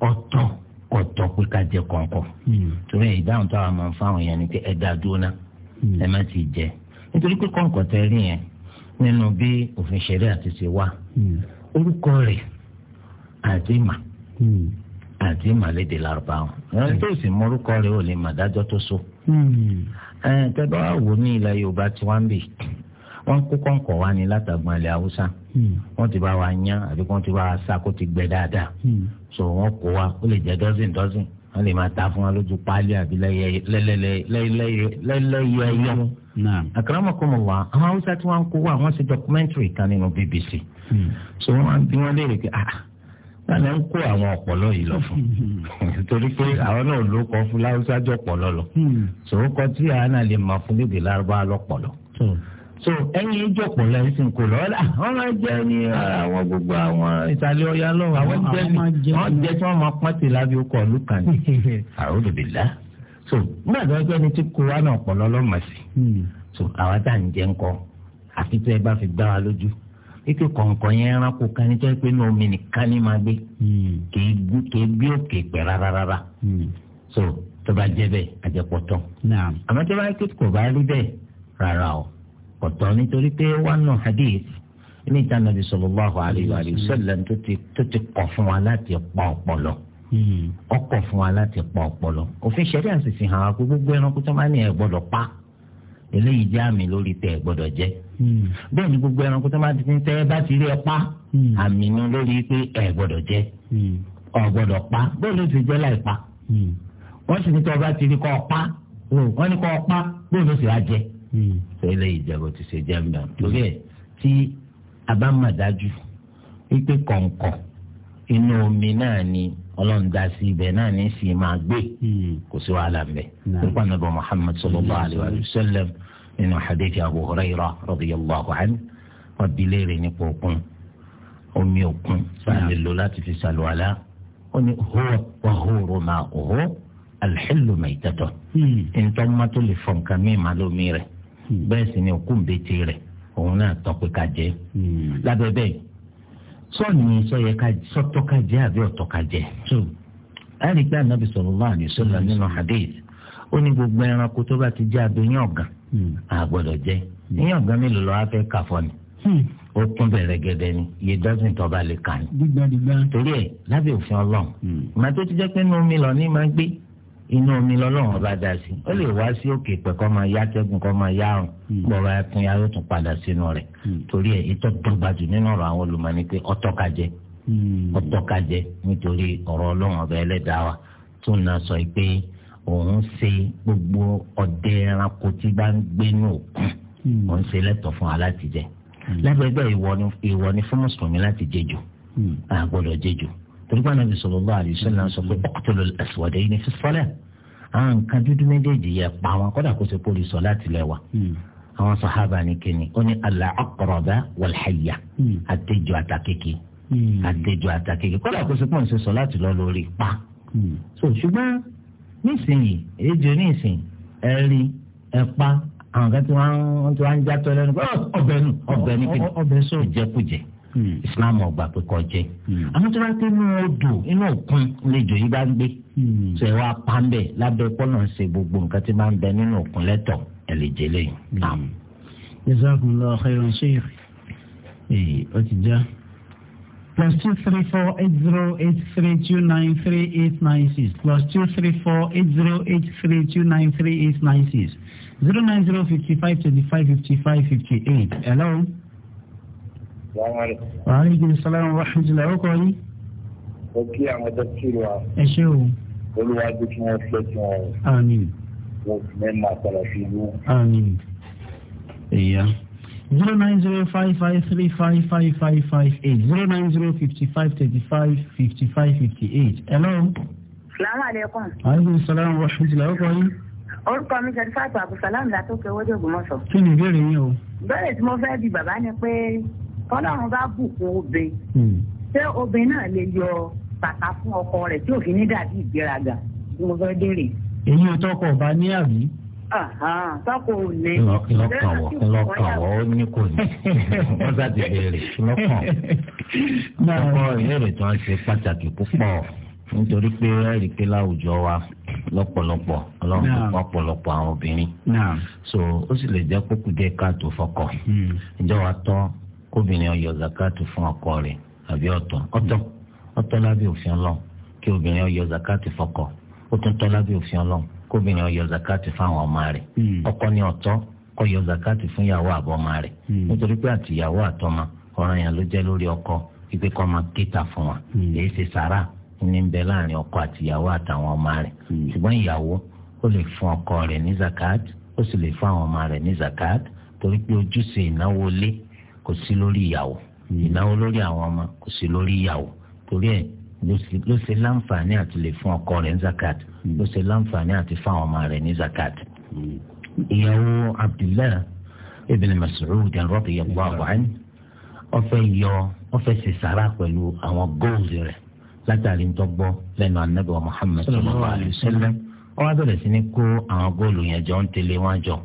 ọ̀tọ̀ kọ̀tọ̀ pé ká jẹ kọ̀ǹkọ̀ hmm. torí ìdáhùn tí àwọn máa ń fáwọn yẹn ni pé ẹ dá dúró ná hmm. ẹ má ti jẹ nítorí pé kọ̀ǹkọ̀ tẹ rí yẹn nínú bí òfin ṣẹlẹ̀ àti ṣe wá hmm. orúkọ rẹ̀ àti ìmà àti màlédè lárúbáwọn ẹni tó sì mọrúkọ rẹ ò lè mà dájọ tó so. tẹ́gbọ́n wò ní ilẹ̀ wọ́n kó kọ̀ǹkọ̀ wá ní látàgbọ́n ilẹ̀ haúsá hmm. wọ́n ti bá wa yán àbí wọ́n ti bá wa sá kó ti gbẹ dáadáa hmm. so wọ́n kó wa ó lè jẹ́ dọ́sìn dọ́sìn wọ́n lè máa ta fún wa lójú páálí àbí lẹ́lẹ́yẹyọ. àkàràmọ̀kọ́mọ̀ wa àwọn haúsá tí wọ́n ń kó wa wọ́n ṣe documentary kan nínú BBC hmm. so wọ́n bí wọ́n léèrè pé ah lálẹ́ ń kó àwọn ọ̀pọ̀lọ́ yìí lọ fún torí pé àwọn náà ló kọ́ fún láwùsájọ́ so ẹyin ìjọpọ̀ lẹ́yìn sì ń kó lọ ọ́dà wọ́n máa jẹ́ ní àwọn gbogbo àwọn ìsàlẹ̀ ọ̀yà lọ́wọ́ àwọn jẹ́ ní wọ́n jẹ́ tí wọ́n máa pọ́n ti lábí ọkọ̀ lùkàn ní àwọn olùbìlà so nígbà tó ń pẹ́ ní tí kó wa náà pọ̀ lọ́lọ́mọ̀ sí hmm. so àwa tá à ń jẹ́ ńkọ́ àfi tó ẹ bá fi gbá wa lójú ike kọ̀ǹkọ̀ yẹn ẹranko kan ní tó ń ní omi nìkan ní máa gbé hmm. kì í gbé òkè pẹ̀ rárára hmm. so tó bá jẹ́ bẹ́ẹ̀ àjẹpọ̀ tán àmọ́ tó bá kí kò bá rí bẹ́ẹ̀ rárá o ọ̀tọ̀ nítorí pé wánú hadith ní ìta nàbì sallallahu alayhi wa sallam tó ti kọ̀ fún wa láti pa ọ̀pọ̀lọ ọkọ̀ hmm. fún wa láti pa ọ̀pọ̀lọ òfin ṣẹ̀rí àṣìṣe hàn wá gbogbo ẹranko tó máa ní ẹ gbọ́dọ̀ pa eléyìí jẹ́ àmì lórí tẹ ẹ gbọ́dọ̀ jẹ hmm. bẹ́ẹ̀ ni gbogbo ẹranko tó máa ti tẹ ẹ bá ti rí ẹ pa hmm. àmì ni lórí pé ẹ gbọ́dọ̀ jẹ ọ gbọ́dọ̀ pa bẹ́ẹ̀ ló ti jẹ láì pa wọ́n sì ní tọ́ pa wọ́n ní sẹ́lẹ̀ ìjẹ́bù ti ṣe jẹ́mbà torí ẹ̀ tí a bá mà dájú wípé kọ̀ǹkọ̀ inú omi náà ni ọlọ́run dá sí ibẹ̀ náà ní sì máa gbé hmm. kò sí wàhálà ń bẹ̀ nípa nàbọ̀ Muhammad sallallahu alayhi wa sallam nínú hadithi Abu Hurairah radiyallahu anhu wọ́n bi léèrè nípa òkun omi òkun sáà lò láti fi ṣàlùwàlá ó ní hó wà hóró máa hó alḥìlù mẹ́tẹ́tọ̀ ntọ́ mọ́tò lè fọ nǹkan mímọ́ lómi rẹ̀ bẹ́ẹ̀ sì ni òkú ńbẹ́tì rẹ̀ òun náà tán pé ká jẹ́ hmm. lábẹ́ bẹ́ẹ̀ sọ́ọ̀nì sọ́tọ́ ká jẹ́ àbí ọ̀tọ́ ká jẹ́ ẹ̀rí pé ànábì sallallahu alaihi wasallam hadith ó ní gbogbo ẹranko tó bá ti jẹ́ abẹ́yẹn ọ̀gàn àgbọ̀dọ̀ hmm. jẹ́ ẹ̀yìn hmm. ọ̀gàn mélòó lọ́wọ́ fẹ́ kà fọ́ ni ó kún bẹ̀rẹ̀ gẹ́gẹ́ ni iye dọ́sìn tó bá lè kà ní. torí ẹ̀ lábẹ́ òfin ọlọ́run màá tó ti jẹ́ pé inú mi lọ ní máa ń gbé inú omi lọ́lọ́run ọba dà sí ó lè wá sí òkè pẹ̀ kọ́ máa yá tẹ́gùn kọ́ máa yá àrùn gbọ́dọ̀ ẹkùn yá yóò tún padà sínú rẹ̀ hmm. torí ẹ̀ ètò dọ́gbàjù nínú ọ̀rọ̀ àwọn olùmọ̀ọ́ni pé ọ̀tọ́kajẹ ọ̀tọ́kajẹ hmm. nítorí ọ̀rọ̀ ọlọ́run ọba ẹlẹ́dàá wa tó ń sọ pé òun ṣe gbogbo ọdẹ ẹranko tí bá ń gbé ní òkun hmm. òun ṣe lẹ́tọ̀ fún alátijẹ lábẹ́gbẹ́ ìwọ ni fún mùsùlùmí láti jẹjù àgbọ̀dọ̀ jẹjù torípa nàbì sallallahu alaihi wasallam sọ pé uqtulul aswadayni fi salat àwọn nǹkan dúdú méjèèjì yẹ pa wọn kódà kó ṣe kó lè sọ láti lẹ́wà hmm. àwọn sàhábà ní kíni ó ní al-aqraba wal-hayya hmm. àtẹjọ àtàkékè hmm. àtẹjọ àtàkékè kódà kó ṣe pọ̀ ń ṣe sọ láti lọ lórí pa. so ṣùgbọ́n nísìnyí èjò nísìnyí ẹ rí ẹ pa àwọn kan tí wọ́n ń jatọ́ lẹ́nu oh, ọbẹ̀ nù ọbẹ̀ ní kíni ọbẹ̀ sọ jẹkújẹ. Hmm. islam ọgbà pé kọ jẹ hmm. àwọn tó bá pé inú odò inú òkun lejò yìí bá ń gbé hmm. sọ ẹ wá pa ń bẹ lábẹ́ pọnà ṣe gbogbo nǹkan tí máa ń bẹ nínú òkun lẹtọ ẹ lè jẹ lẹ́yìn. jazakumullahu khairan sheikh ee eh, ó ti já plus two three four eight zero eight three two nine three eight nine six plus two three four eight zero eight three two nine three eight nine six zero nine zero fifty five twenty five fifty five fifty eight hello. Àárín Sàlámù Wáṣíjìlá ó kọ́ yín. Ó kí àwọn dókítà wa. Ẹ ṣé o. Olúwàjú kí wọ́n fẹ́ kí wọ́n rẹ̀. Àmín. Wọ́n fi mẹ́ma àpàlà sí ìlú. Àmín. Ẹ̀yà. zero nine zero five five three five five five five eight zero nine zero fifty five thirty five fifty five fifty eight. Hello. Salaamaleykum. Aleykum salaam wa rahmatulah. Ó kọ́ yín orúkọ mi ṣe fàtó àbùsàlámù látòkè owó dògbòmọ̀sọ̀. kí ni ìbéèrè yín o. bẹ́ẹ̀ tí mo fẹ́ bi bàbá ni pé tọ́lọ́run bá bùkún obìnrin hmm. ṣé obìnrin náà lè yọ bàtà fún ọkọ rẹ̀ tí òfin ní dàbí ìgbéraga tí mo fẹ́ dèrè. èyí ò tọkọ ọba ní àbí. tọkọ ò ní. lọ́kàn wọ̀ lọ́kàn wọ̀ ó ní kò ní wọ́n jáde béèrè lọ́kàn. ọkọ ìbéèrè tó ń ṣe pàtàkì púpọ̀ nítorí pé ẹ̀rí pé láwùjọ wa lọ́pọ̀lọpọ̀ ọlọ́run ọ̀pọ̀lọpọ̀ àwọn obìnrin so ó sì lè jẹ́ kókùdé káàtó fọkọ ìjọba hmm. tọ́ kóbìnrin ọyọ zakatu fún ọkọ rẹ̀ àbí ọ̀tọ̀ ọ̀tọ̀ ọ̀tọ̀ lábẹ́ òfin Ọlọ́run kí obìnrin ọyọ zakatu fọ́kọ ó tún tọ́ lábẹ́ òfin Ọlọ́run kóbìnrin ọyọ zakatu fáwọn ọmọ rẹ̀ hmm. ọkọ ni ọ̀tọ̀ kó yọ zakatu fún ìyàwó àbọmọ rẹ̀ hmm. nítorí pé àtìyàwó àtọmọ ọ̀ràn yẹn ló jẹ́ lórí ọkọ wípé kọ́ máa kéta fún wa èyí hmm. ṣe sàrà ní bẹ láàrin ọkọ àtìyàwó àtàwọn ọmọ rẹ̀ ṣùgbọ́n ìyàwó ó lè fún ọkọ rẹ̀ ní zakat ó sì lè fún àwọn ọmọ rẹ̀ ní zakat torí pé ojúṣe ìnáwó lé kò sí lórí ìyàwó ìnáwó lórí àwọn ọmọ kò sí lórí ìyàwó torí ẹ̀ ló ṣe láǹfààní àti lè fún ọkọ rẹ̀ ní zakat ló ṣe láǹfààní àti fáwọn ọmọ rẹ̀ ní zakat. ìyàwó Abdullah ibn Mas'ud radiyallahu anhu ó fẹ́ yọ ó fẹ́ ṣe sàrà pẹ̀lú àwọn góòlù rẹ̀ látàrí ń tọgbọ lẹ́nu anabi wa Muhammad sallallahu alayhi wa sallam ó wá bẹ̀rẹ̀ sí ní kó àwọn góòlù yẹn jọ ń tẹ̀lé wọn jọ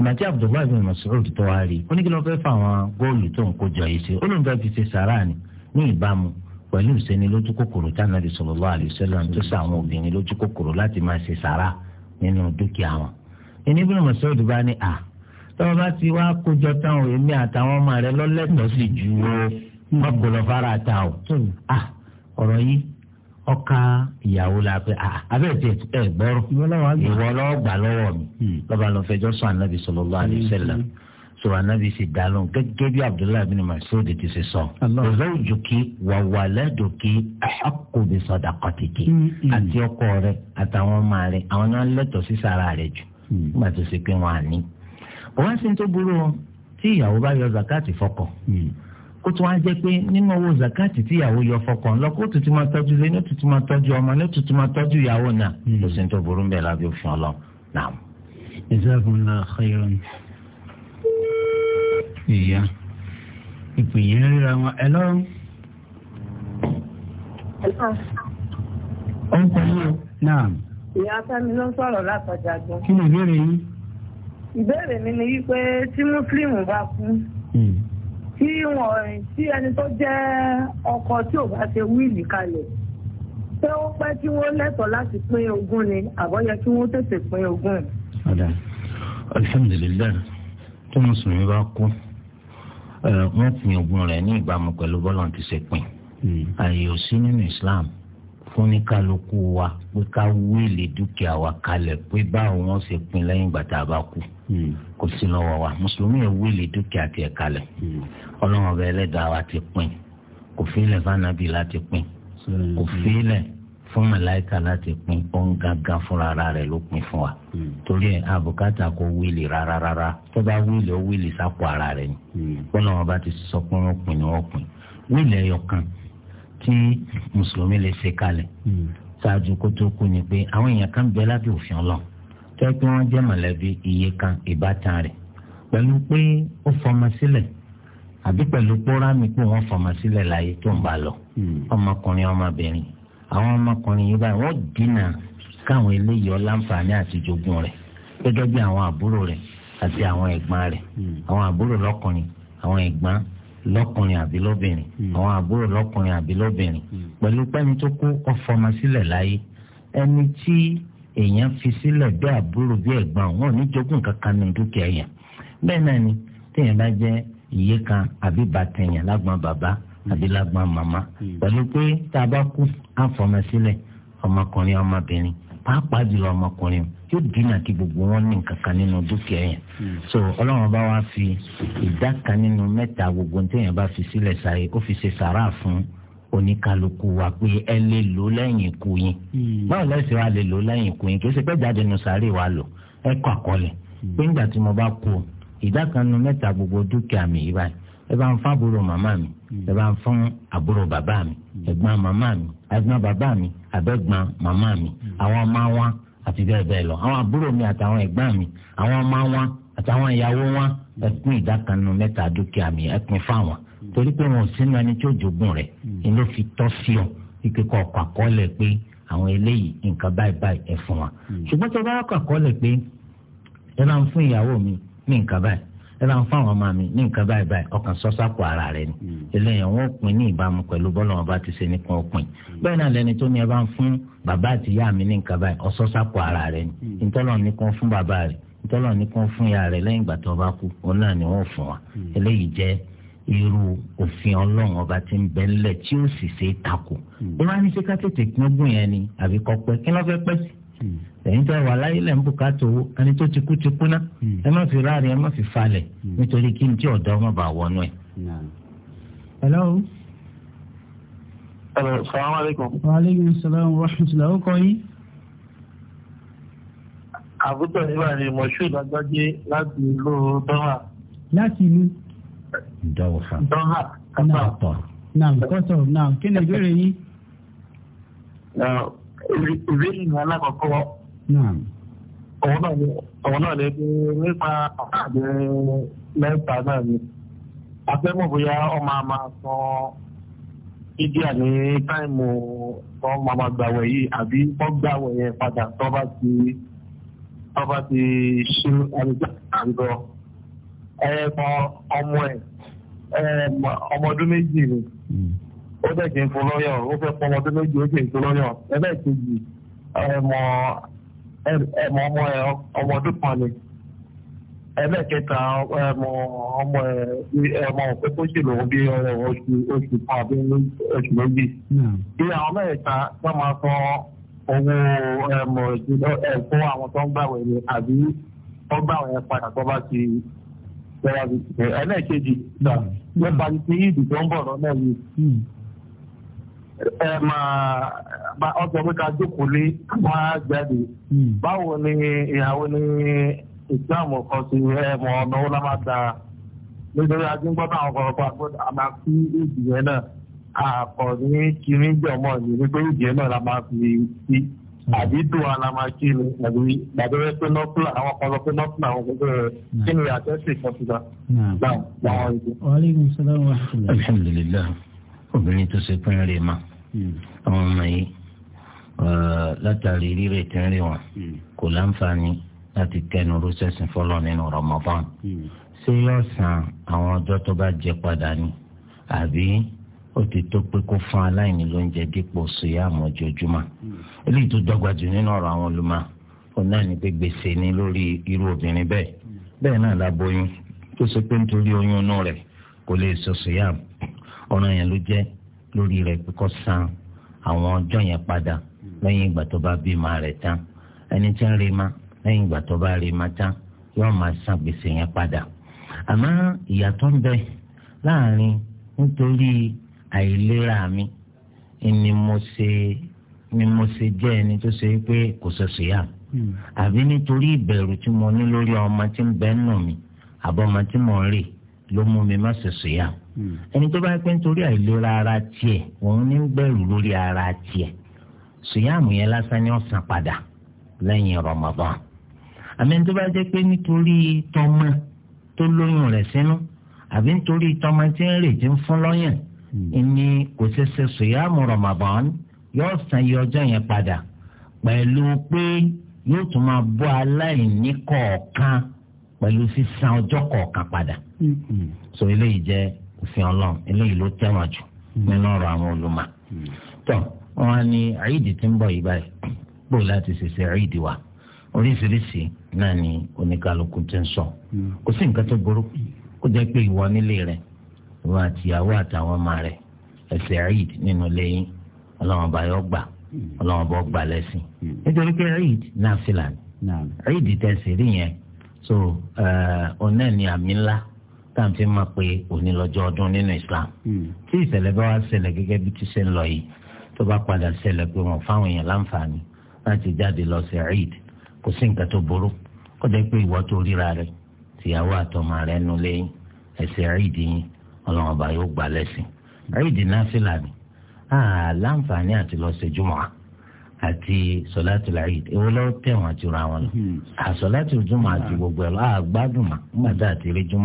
màtí abdullahi bin masoud tó wá rí oníkí ló fẹ́ fà wọn góòlù tó ń kójọ yìí ṣe ó ló ń fẹ́ fi ṣe sàrà ni ní ìbámu pẹ̀lú ìṣẹ́ni lójú kòkòrò tánàbí sallallahu alaihi wasallam tó sàwọn obìnrin lójú kòkòrò láti máa ṣe sàrà nínú dúkìá wọn. ẹni bin masoud bá ní à tọ́wọ́ bá ti wá kójọ táwọn èmi àtàwọn ọmọ rẹ lọ́lẹ́tọ̀ọ́ sì ju ọkọ̀ lọ́fàrà hmm. ọ̀rọ̀ yìí ọkàn ìyàwó la pé ah, abẹ́rẹ́ tẹ ẹ gbọ́rọ̀ ìwọ lọ́wọ́ gbà lọ́wọ́ mi hmm. lọ́ba lọ fẹjọ́ sọ anabi sallallahu alaihi wasallam hmm. sọ anabi sì dá lóhùn gẹ́gẹ́ bí abdullahi bin masoud ti ṣe sọ zawjuki wa waladuki ahaqqu bi sadaqatiki hmm, àti ọkọ rẹ àtàwọn ọmọ rẹ àwọn náà lẹ́tọ̀ọ́ sí sàrà rẹ jù nígbà tó ṣe pé wọn à ní. òun á sì ń tó burú tí ìyàwó bá yọ zakati fọ́kọ kó tún wá jẹ́ pé nínú owó zakati tí ìyàwó yọ fọkàn lọ kó tuntun máa tọ́jú lé ní tuntun máa tọ́jú ọmọ ní tuntun máa tọ́jú ìyàwó náà hmm. kò sí ní tó burú bẹ́ẹ̀ lábẹ́ òfin ọlọ́ náà. jazakumullahu khairan. ìyá ìpè yẹn ríra wọn ẹ lọ́rùn. ó ń pẹ̀lú o. náà. ìyá fẹ́mi ló ń sọ̀rọ̀ látọjà gan. kí ni ìbéèrè yín. ìbéèrè mi ni wípé tí mùsùlùmù bá kú. Hmm tí wọn tí ẹni tó jẹ́ ọkọ tí ò bá ṣe wíìlì kalẹ̀ pé ó pẹ́ kí wọ́n lẹ́tọ̀ọ́ láti pín ogún ni àbọ̀yẹ kí wọ́n tètè pín ogún. ọ̀dà alihamudulilayi tó mùsùlùmí bá kú wọ́n pín ogún rẹ̀ ní ìbámu pẹ̀lú bọ́lá ti ṣe pín hmm. àyè ò nínú Islam. Mm. fúnikálukú wa pé ká wéèlì dúkìá wa kalẹ̀ pé báwo wọ́n ṣe pin lẹ́yìn ìgbà tá bá kú hmm. kò sí lọ́wọ́ wa mùsùlùmí ẹ̀ wéèlì dúkìá tiẹ̀ kalẹ̀ hmm. ọlọ́run ọba ẹlẹ́dàá wa ti pin kò fílẹ̀ fànàbí láti pín kò fílẹ̀ fún màláìka láti pín hmm. òun gángan fúnra rẹ̀ ló pín fún wa torí ẹ̀ àbùkátà kò wéèlì rárá tó bá wéèlì ó wéèlì sápò ara rẹ̀ ni bọ́lá wọn ti sọ pé wọ́n ni wọ́n ẹ̀yọ̀ kan tí mùsùlùmí lè ṣe kalẹ̀ hmm. ṣáájú kó tó kú ni pé àwọn èèyàn kan bẹ lábẹ́ òfin ọlọ́run tẹ́ pé wọ́n jẹ́ mọ̀lẹ́bí iye kan ìbátan rẹ̀ pẹ̀lú pé ó fọmọ sílẹ̀ àbí pẹ̀lú pọ́nrá mi pé wọ́n fọmọ sílẹ̀ láyé tó ń bá lọ hmm. ọmọkùnrin ọmọbìnrin àwọn ọmọkùnrin yìí báyìí wọ́n dínà káwọn eléyìí ọláǹfààní àti jogún rẹ̀ gẹ́gẹ́ bí àwọn àbúrò rẹ̀ àti àwọn ẹ̀gbọ́n rẹ̀ hmm. àwọn àbúrò lọ́kùnrin àwọn ẹ̀gbọ́n lọ́kùnrin àbí lóbìnrin hmm. àwọn àbúrò lọ́kùnrin àbí lóbìnrin hmm. pẹ̀lú pẹ́ni tó kó ọ̀fọ̀mọ sílẹ̀ láyé ẹni tí èèyàn fi sílẹ̀ bí àbúrò bí ẹ̀gbọ́n wọn ò ní jogún kankan ní dúkìá yẹn bẹ́ẹ̀ náà ni téèyàn bá jẹ́ iye kan àbí bàtẹ̀yàn lágbọ́n bàbá hmm. àbí lágbọ́n màmá pẹ̀lú pé tá a bá kú àfọ̀mọ sílẹ̀ ọmọkùnrin ọmọbìnrin pàápàá jùlọ ọmọkùnrin yóò dínà kí gbogbo wọn ní nǹkan kan nínú dúkìá yẹn hmm. so ọlọ́run bá wá fi ìdá kan nínú mẹ́ta gbogbo téèyàn bá fi sílẹ̀ sáyé ó fi ṣe sàrà fún oníkálukú wa pé ẹ lè lò lẹ́yìn ikú yín hmm. báwo lẹ́sẹ̀ wa lè lò lẹ́yìn ikú yín kì í ṣe pé jáde nù sáré wa lò ẹ kọ́ àkọọ́lẹ̀ hmm. pé ńgbà tí mo bá kú ìdá kan nínú mẹ́ta gbogbo dúkìá mi yìí báyìí ẹ bá ń fún àbúrò màmá mi ẹ bá ń fún àbúrò bàbá mi ẹ̀gbọ́n màmá mi ẹ̀gbọ́n bàbá mi àbẹ́gbọ́n màmá mi àwọn ọmọ wọn àti bẹ́ẹ̀ bẹ́ẹ̀ lọ àwọn àbúrò mi àtàwọn ẹ̀gbọ́n mi àwọn ọmọ wọn àtàwọn ìyàwó wọn ẹpin ìdá kan nínú mẹ́ta dúkìá mi ẹpin fáwọn torí pé wọn ò sínú ẹni tí ó jogún rẹ̀ ni ló fi tọ́ sí ọ ike kọ ọkọ àkọọ́lẹ̀ pé àwọn eléyìí nǹkan báyìí báyìí ẹ fún wa ṣùgbọ́n tí wọ́n bá kọ àkọọ́lẹ̀ pé ẹ máa ń fún ìyàwó mi ní nǹkan báyìí ẹ bá ń fún àwọn ọmọ mi ní nǹkan báyìí báyìí ọkàn sọ́sàpọ̀ ara rẹ ni hmm. eléyàn wọn pin ní ìbámu pẹ̀lú bọ́lá wọn bá ti ṣe nípa òpin hmm. bẹ́ẹ̀ náà lẹni tó ní ẹ bá ń fún bàbá àti ìyá mi ní nǹkan báyìí ọ̀sọ́sàpọ̀ ara rẹ ni ìtọ́lọ̀ hmm. ní kàn fún bàbá rẹ ìtọ́lọ̀ ní fún ìyá rẹ lẹ́yìn ìgbà tó bá kú òun náà ni wọ́n fún wa eléyìí jẹ́ irú òfin ọlọ́run ọba ti ń bẹ ńlẹ̀ tí ó sì ṣe é takò. ó wá ká tètè pín ogún yẹn ni àbí kọ́ pẹ́ kí ló fẹ́ pẹ́ sí ẹ̀yin tẹ́ wà láyé lẹ́ ń bùkátà owó ẹni tó ti kú ti kú hmm. ẹ má fi ráàrin ẹ má fi falẹ̀ hmm. nítorí kí n tí ọ̀dọ́ ọmọ bá wọnú ẹ̀. hello. hello salaamaleykum. waaleykum salaam wa rahmatulah o kọ yín. àbútọ̀ nígbà ni moshood agbájé láti ìlú dọ́hà. láti ìlú. dọ́hà. dọ́hà. náà tọ̀. náà kọ́tọ̀ náà kí ni ìbéèrè yín. ìbéèrè yín alákọ̀ọ́kọ́ ọ̀wọ́n ní táìmù tó máa ma gbàwẹ̀ yìí àbí wọ́n gbàwẹ̀ yẹn padà tó bá ti tó bá ti ṣe àgbọ̀ ẹ̀ẹ̀kan ọmọ ẹ̀ ọmọ ọdún méjì ni ó dẹ̀ kí n fún lọ́yọ̀ ó fẹ́ fún ọmọ ọdún méjì ó kì í fún lọ́yọ̀ ẹlẹ́ẹ̀kejì ẹmọ ọmọ ẹ ọmọ kan ni ẹlẹ́kẹta ẹmọ ọmọ ẹ ẹmọ òpé sì lòun bí oṣù oṣù kan àbí oṣù méjì. bí àwọn mẹ́ta wọ́n máa sọ owó ẹmọ ẹ̀kọ́ àwọn tó ń gbàwẹ̀ ni àbí wọ́n gbàwẹ̀ yẹn padà tó bá ti ẹlẹ́kejì nípa ti ìdìbò ń bọ̀ lọ́nà yìí ẹ máa ọsọ pé ká jókòó lé wá jáde hmm. báwo ni ìyàwó ní ìsìláàmù kan sí ẹ mọ ọ̀nà ó lámà da nítorí adíngbọ́dọ̀ àwọn ọ̀pọ̀lọpọ̀ àmà sí ìdì yẹn náà àkọ́ ní kiri jọmọ ní nítorí ìdì yẹn náà la máa fi sí àbí wa la máa kí ni àbí gbàdúrà pé nọ́ọ̀tún àwọn ọpọlọ pé nọ́ọ̀tún àwọn gbogbo kí ni àtẹ́sí kan ti dá. Alhamdulilayi obìnrin tó ṣe pé ń rè ma àwọn ọmọ yìí látàrí rírè tí ń rè wọn hmm. kò láǹfààní láti kẹnu rọ́ṣẹ̀sìn fọlọ́ nínú Ramadan hmm. ṣé yóò san àwọn ọjọ́ tó bá jẹ padà ni àbí ó ti tó pé kó fún aláìní lóúnjẹ dípò síyàmù ojoojúmọ́ hmm. eléyìí tó dọ́gba jù nínú ọ̀rọ̀ àwọn olùmọ̀ ó náà ní pé gbèsè ní lórí irú obìnrin bẹ́ẹ̀ bẹ́ẹ̀ náà láboyún tó ṣe pé nítorí oyún inú rẹ̀ kò lè sọ síyàmù ọ̀ràn yẹn ló jẹ́ lórí rẹ̀ pé kó san àwọn ọjọ́ yẹn padà lẹ́yìn ìgbà tó bá bí ma rẹ̀ tán ẹni tí ń rí ma lẹ́yìn ìgbà tó bá rí ma tán yóò máa san gbèsè yẹn padà àmọ́ ìyàtọ̀ ń bẹ láàrin nítorí àìlera mi ni mo ṣe ni mo ṣe jẹ́ ẹni tó ṣe pé kò ṣe ṣìyà hmm. àbí nítorí ìbẹ̀rù tí mo ní lórí ọmọ tí ń bẹ nù mí àbọ̀ tí mo ń rè ló mú mi má ṣe sòyà hmm. ẹni tó bá pẹ́ nítorí àìlera ara tiẹ̀ òun ní bẹ̀rù lórí ara tiẹ̀ sòyàmù yẹn lásán ni ó san padà lẹ́yìn Ramadan àmì tó bá jẹ́ pé nítorí tọmọ tó lóyún rẹ̀ sínú àbí nítorí tọmọ tí ń rèjì ń fún lọ́yàn hmm. ni kò ṣe ṣe sòyàmù Ramadan yóò san iye ọjọ́ yẹn padà pẹ̀lú pé yóò tún máa bọ́ aláìní pẹ̀lú sísan ọjọ́ kọ̀ọ̀kan padà mm-hmm. so eléyìí jẹ́ òfin ọlọ́run eléyìí ló tẹ̀wọ̀n jù mm-hmm. nínú ọ̀rọ̀ àwọn olùmọ̀ mm-hmm. tó wọn ní àyídì tí ń bọ̀ yìí báyìí bó láti ṣèṣe àyídì wa oríṣiríṣi náà ni oníkálukú ti ń sọ kò sí nǹkan tó burú kó jẹ́ pé ìwọ nílé rẹ ìwọ àtìyàwó àtàwọn ọmọ rẹ ẹsẹ̀ àyídì nínú lẹ́yìn ọlọ́run bá yọ gbà ọlọ́run bọ́ gbà lẹ́sìn nítorí pé àyídì náà fìlà àyídì tẹ̀sí rí yẹn so ọ̀nà eh, ni àmì ńlá tá à ń fi máa pe òní lọ́jọ́ ọdún nínú Islam hmm. tí ìṣẹ̀lẹ̀ bá wá ṣẹlẹ̀ gẹ́gẹ́ bí ti ṣe ń lọ yìí tó bá padà ṣẹlẹ̀ pé wọ́n fáwọn èèyàn láǹfààní láti jáde lọ sí Eid kò sí nǹkan tó burú kó jẹ́ pé ìwọ tó ríra rẹ tìyàwó àtọmọ rẹ nu lẹ́yìn ẹsẹ̀ Eid yín ọlọ́run ọba yóò gbà lẹ́sìn Eid náà fìlà ní àà láǹfààní àti lọ àti sọláàtì làyè àti ra wọn lọ. Hmm. àsọláàtì àti ah. gbogbo lọ àgbádùn mà àti eré àti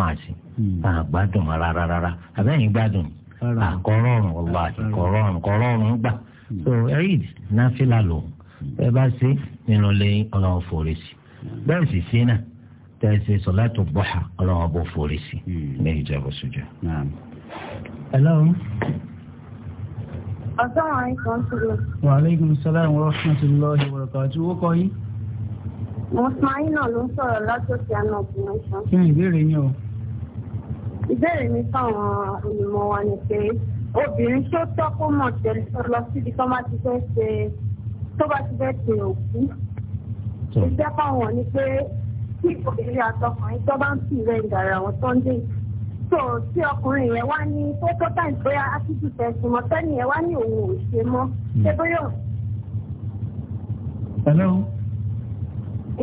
àgbádùn mà rárá rárá àbẹ́yìn gbádùn gbà. Hmm. so náfìlà lò ẹ bá ṣe nínú fòrè sí hmm. sì ṣe náà ṣe sọláàtì fòrè sí ìjẹ́bù ẹ Wa alaikum salam wa rahmatullahi wa barakatuh. Ó kọ́ yín. Mọ̀sùmáínà ló ń sọ̀rọ̀ látòkè àná ọ̀gbìnmọ̀ṣán. Kí ni ìbéèrè yín o? Ìbéèrè mi fáwọn olùmọ̀ wa ni pé obìnrin tó tọ́ kó mọ̀ tẹ́lẹ̀ lọ síbi tó bá ti fẹ́ ṣe tó bá ti fẹ́ ṣe òkú. Ìjẹ́ fáwọn ni pé kí obìnrin àtọkùnrin tó bá ń fi ìrẹ́ ìdàrà àwọn Sunday so tí ọkùnrin yẹn wá ní tó tó tàn bóyá ásìkò tẹ̀sí mọ́ tẹ́nì yẹn wá ní òun ò ṣe mọ́ hmm. ṣé bóyá ò. hello.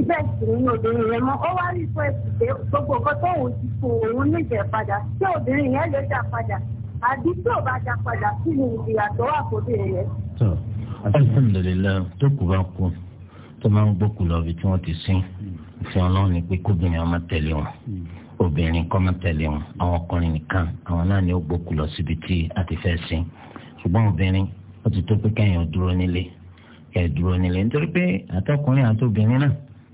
ìfẹ́ sì ni obìnrin yẹn mọ́ ó wá rí fún ẹ̀sìn pé gbogbo nǹkan tó òun ti fún òun níjẹ̀ padà tí obìnrin yẹn lè dà padà àbí tí ò bá dà padà kí ni ìjìyà tó wà fòdì rẹ̀. alhamdulilayi tó kù bá kú tó máa ń gbókù lọ bí tí wọ́n ti sìn fún ọlọ́run ni pé kóbìnrin ọmọ tẹ̀lé wọn. Hmm obìnrin kọ́ máa tẹ̀lé wọn àwọn ọkùnrin nìkan àwọn náà ni ó gbókù lọ síbi tí a ti fẹ́ sin ṣùgbọ́n obìnrin ó ti tó pé kẹ́yìn dúró nílé kẹ́ dúró nílé nítorí pé àtọkùnrin àti obìnrin náà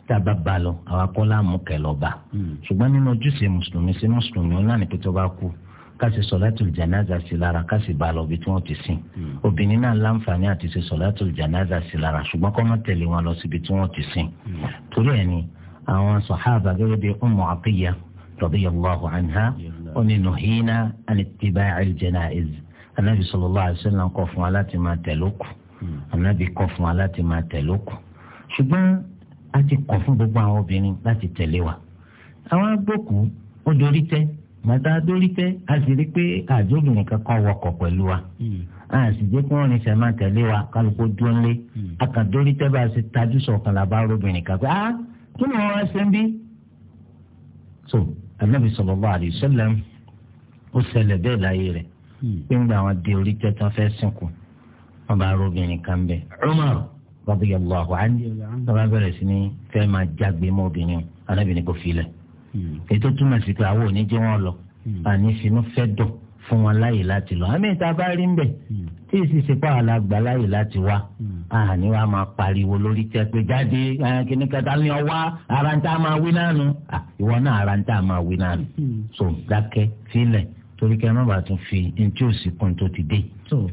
tá a bá ba lọ àwa kọ́ láàmú kẹ́ lọ bá hmm. ṣùgbọ́n nínú ojúṣe mùsùlùmí sí mùsùlùmí ó náà ní pé tó bá kú kasi sọlátùl janaza sí lára kasi balọ̀ bí tí wọ́n ti sìn hmm. obìnrin náà láǹfààní àti ṣe sọlátùl janaza sí lára ṣùgbọ́n kọ́ máa tẹ̀lé wọn lọ síbi tí wọ́n ti sìn hmm. torí ẹ̀ àwọn sàhábà gẹ́gẹ́ bí Ummu Atiyya radiyallahu anha ó ní nuhina an ittiba'il janaiz anabi sallallahu alaihi wasallam kọ̀ fún wa láti máa tẹ̀lókù anabi kọ̀ fún wa láti máa tẹ̀lókù ṣùgbọ́n a ti kọ̀ fún gbogbo àwọn obìnrin láti tẹ̀lé wa àwọn agbókù ó dorí tẹ́ màtá dórí tẹ́ a sì rí pé àjọbìnrin kankan wọkọ̀ pẹ̀lú wa a sì jẹ́ kí wọ́n ní sẹ́mà tẹ̀lé wa kálukó dúró lé a kàn dórí tẹ́ bá a ṣe tajú sọ̀kan làbá arúbìnrin kan pé ah kí ni wọ́n wá ṣe ń bí. so anabi sallallahu alayhi wasallam ó ṣẹlẹ̀ bẹ́ẹ̀ láyé rẹ̀ hmm. pé ńgbà àwọn di orí kẹta fẹ́ sìnkú wọn bá arúbìnrin kan bẹ Umar radiyallahu anhu wọn bá bẹ̀rẹ̀ sí ní fẹ́ máa jágbe mọ́ obìnrin arábìnrin kò filẹ̀ hmm. ètò túmọ̀ sí pé àwọn ò ní jẹ́ wọn lọ hmm. àní finú fẹ́ dọ̀ fún wọn láyè láti lọ àmì ìta bá rí ń bẹ̀ tí èsì sepá alágbá láyè láti wá àní hmm. wàá máa pariwo lórí tẹ pé jáde kíní kẹta ni ọ wá ara ń tá máa wí náà nu ìwọ náà ara ń tá máa wí náà nu hmm. so dákẹ́ sílẹ̀ torí kẹ́ ẹ má bàa tún fi ntí òsì kún tó ti dé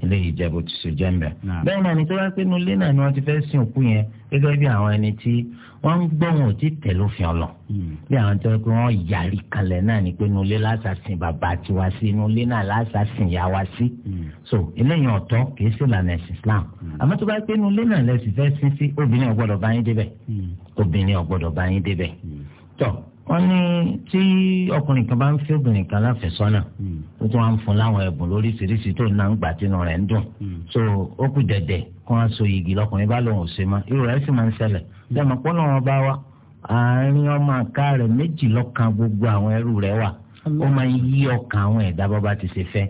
ilé ìjẹ́bù ti sòjá ń bẹ̀. bẹ́ẹ̀ náà ni tó bá pé inú ilé náà ni wọ́n ti fẹ́ sin òkú yẹn gẹ́gẹ́ bí àwọn ẹni tí wọ́n ń gbọ́ wọn ò ọ̀lọ́ hmm. bí àwọn tó pé wọ́n yàrí kalẹ̀ náà ni pé inú ilé lásàsìn bàbá ti wá sí inú ilé náà lásàsìn yà wá sí. Hmm. so eléyìí ọ̀tọ̀ kìí sí ìlànà ẹ̀sìn Islam hmm. àmọ́ tó bá pé inú ilé náà lẹ́sìn fẹ́ sin sí obìnrin ò gbọ́dọ̀ débẹ̀ obìnrin ò gbọ́dọ̀ débẹ̀ tọ́ wọ́n ní tí ọkùnrin kan bá ń fi obìnrin kan láfẹ̀sọ́nà hmm. ó tún wá ń fún láwọn ẹ̀bùn lóríṣiríṣi tó náà ń gbà tínú rẹ̀ ń dùn hmm. so ó kù dẹ̀dẹ̀ kó so igi lọkùnrin bá lòun ò ṣe mọ́ irú rẹ̀ sì ń ṣẹlẹ̀ lẹ́mọ̀ hmm. pọ́nà wọn bá wa ọmọ àká méjì lọ́kàn gbogbo àwọn ẹrú rẹ̀ wà ó máa ń yí ọkàn àwọn ẹ̀dá ti ṣe fẹ́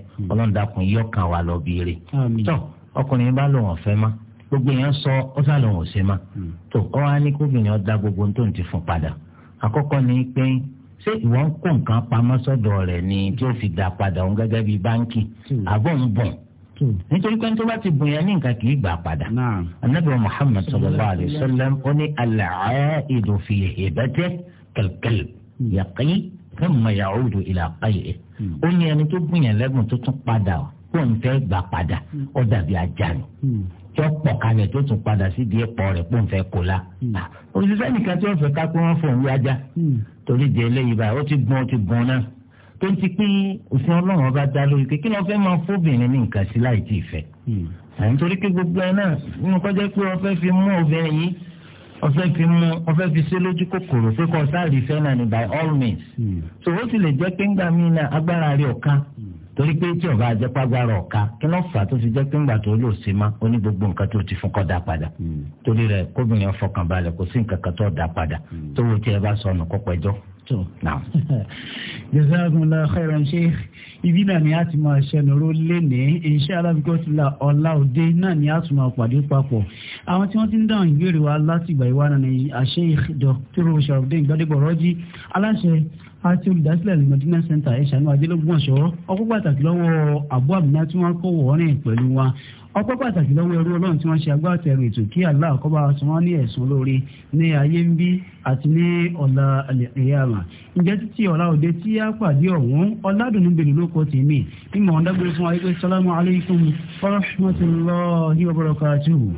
àkọ́kọ́ ni pé ṣé ìwọ ń kó nǹkan pamọ́ sọ́dọ̀ rẹ̀ ni tí ó fi dà padà òun gẹ́gẹ́ bíi báńkì hmm. àbọ̀ ń bùn hmm. nítorí pé tó bá ti bùn yẹn ní nǹkan kì í gbà padà anabi muhammad sallallahu alayhi wa sallam ó ní al-a'idu fi hibatihi kal-kalb hmm. yaqi thumma ya'udu ila qay'ihi ó ní ẹni tó bùn yẹn lẹ́gùn tó tún padà kó n fẹ́ gbà padà ó dàbí ajá ni tí wọ́n pọ̀ kalẹ̀ tó tún padà sí di ẹ̀pọ̀ rẹ̀ pọ̀ nfẹ́ kó la. Hmm. Ah, òṣìṣẹ́ nìkan tí wọ́n fẹ́ ká pé wọ́n fòun yájà hmm. torí di eléyìí báyìí ó ti gbọ́n ó ti gbọ́n náà tó ń ti pín òfin ọlọ́run ọba dá lórí pé kí ni wọ́n fẹ́ máa fóbìnrin ní nǹkan sí láì tí ì fẹ́. Hmm. Ah, nítorí pé gbogbo ẹ náà nínú kọjá pé wọ́n fẹ́ fi mú obìnrin yìí wọ́n fẹ́ fi mú wọ́n fẹ́ fi ṣe lójú kòkòrò pé kọ́ sáà rí fẹ́ náà ni by all means. sòwò sì lè jẹ́ pé ńgbà míì náà agbára rí ọ̀kan torí pé tí ọba àjẹpágbára ọ̀ka kí ló fà tó fi jẹ́ pé ńgbà tó lò sí ma ó ní gbogbo nǹkan tó ti fún kọ́ da padà hmm. torí rẹ̀ kóbìnrin ọfọkàn balẹ̀ kò sí nǹkan kan tó da padà hmm. tó wo tí ẹ bá sọnù kó pẹjọ́. jazakumullahu khairan sheikh ibi náà ni a ti máa ṣẹnuró lénìí inshallah bíkọ́sílà ọláòdé náà ni a tún máa pàdé papọ̀ àwọn tí wọ́n ti ń dáhùn ìbéèrè wa láti ìgbà ìwà náà ni sheikh dr sharafdin gbadebo rọ́jí aláṣẹ àti olùdásílẹ̀ alimọ̀dínà center ẹ̀ṣánú adélógún ọ̀ṣọ́ ọpẹ́ pàtàkì lọ́wọ́ àbú àmìnà tí wọ́n kó wọ́ọ́rìn pẹ̀lú wa ọpẹ́ pàtàkì lọ́wọ́ ẹrú ọlọ́run tí wọ́n ṣe agbátẹrù ètò kí Allah kó bá san wọ́n ní ẹ̀san lórí ní ayé ń bí àti ní ọ̀la àlẹ́yàmà ǹjẹ́ títí ọ̀la òde tí a pàdé ọ̀hún ọ̀làdùnú bèrè lóko tèmi mímọ̀ ọ̀dọ́gbẹ̀rẹ̀ fún wa wípé wa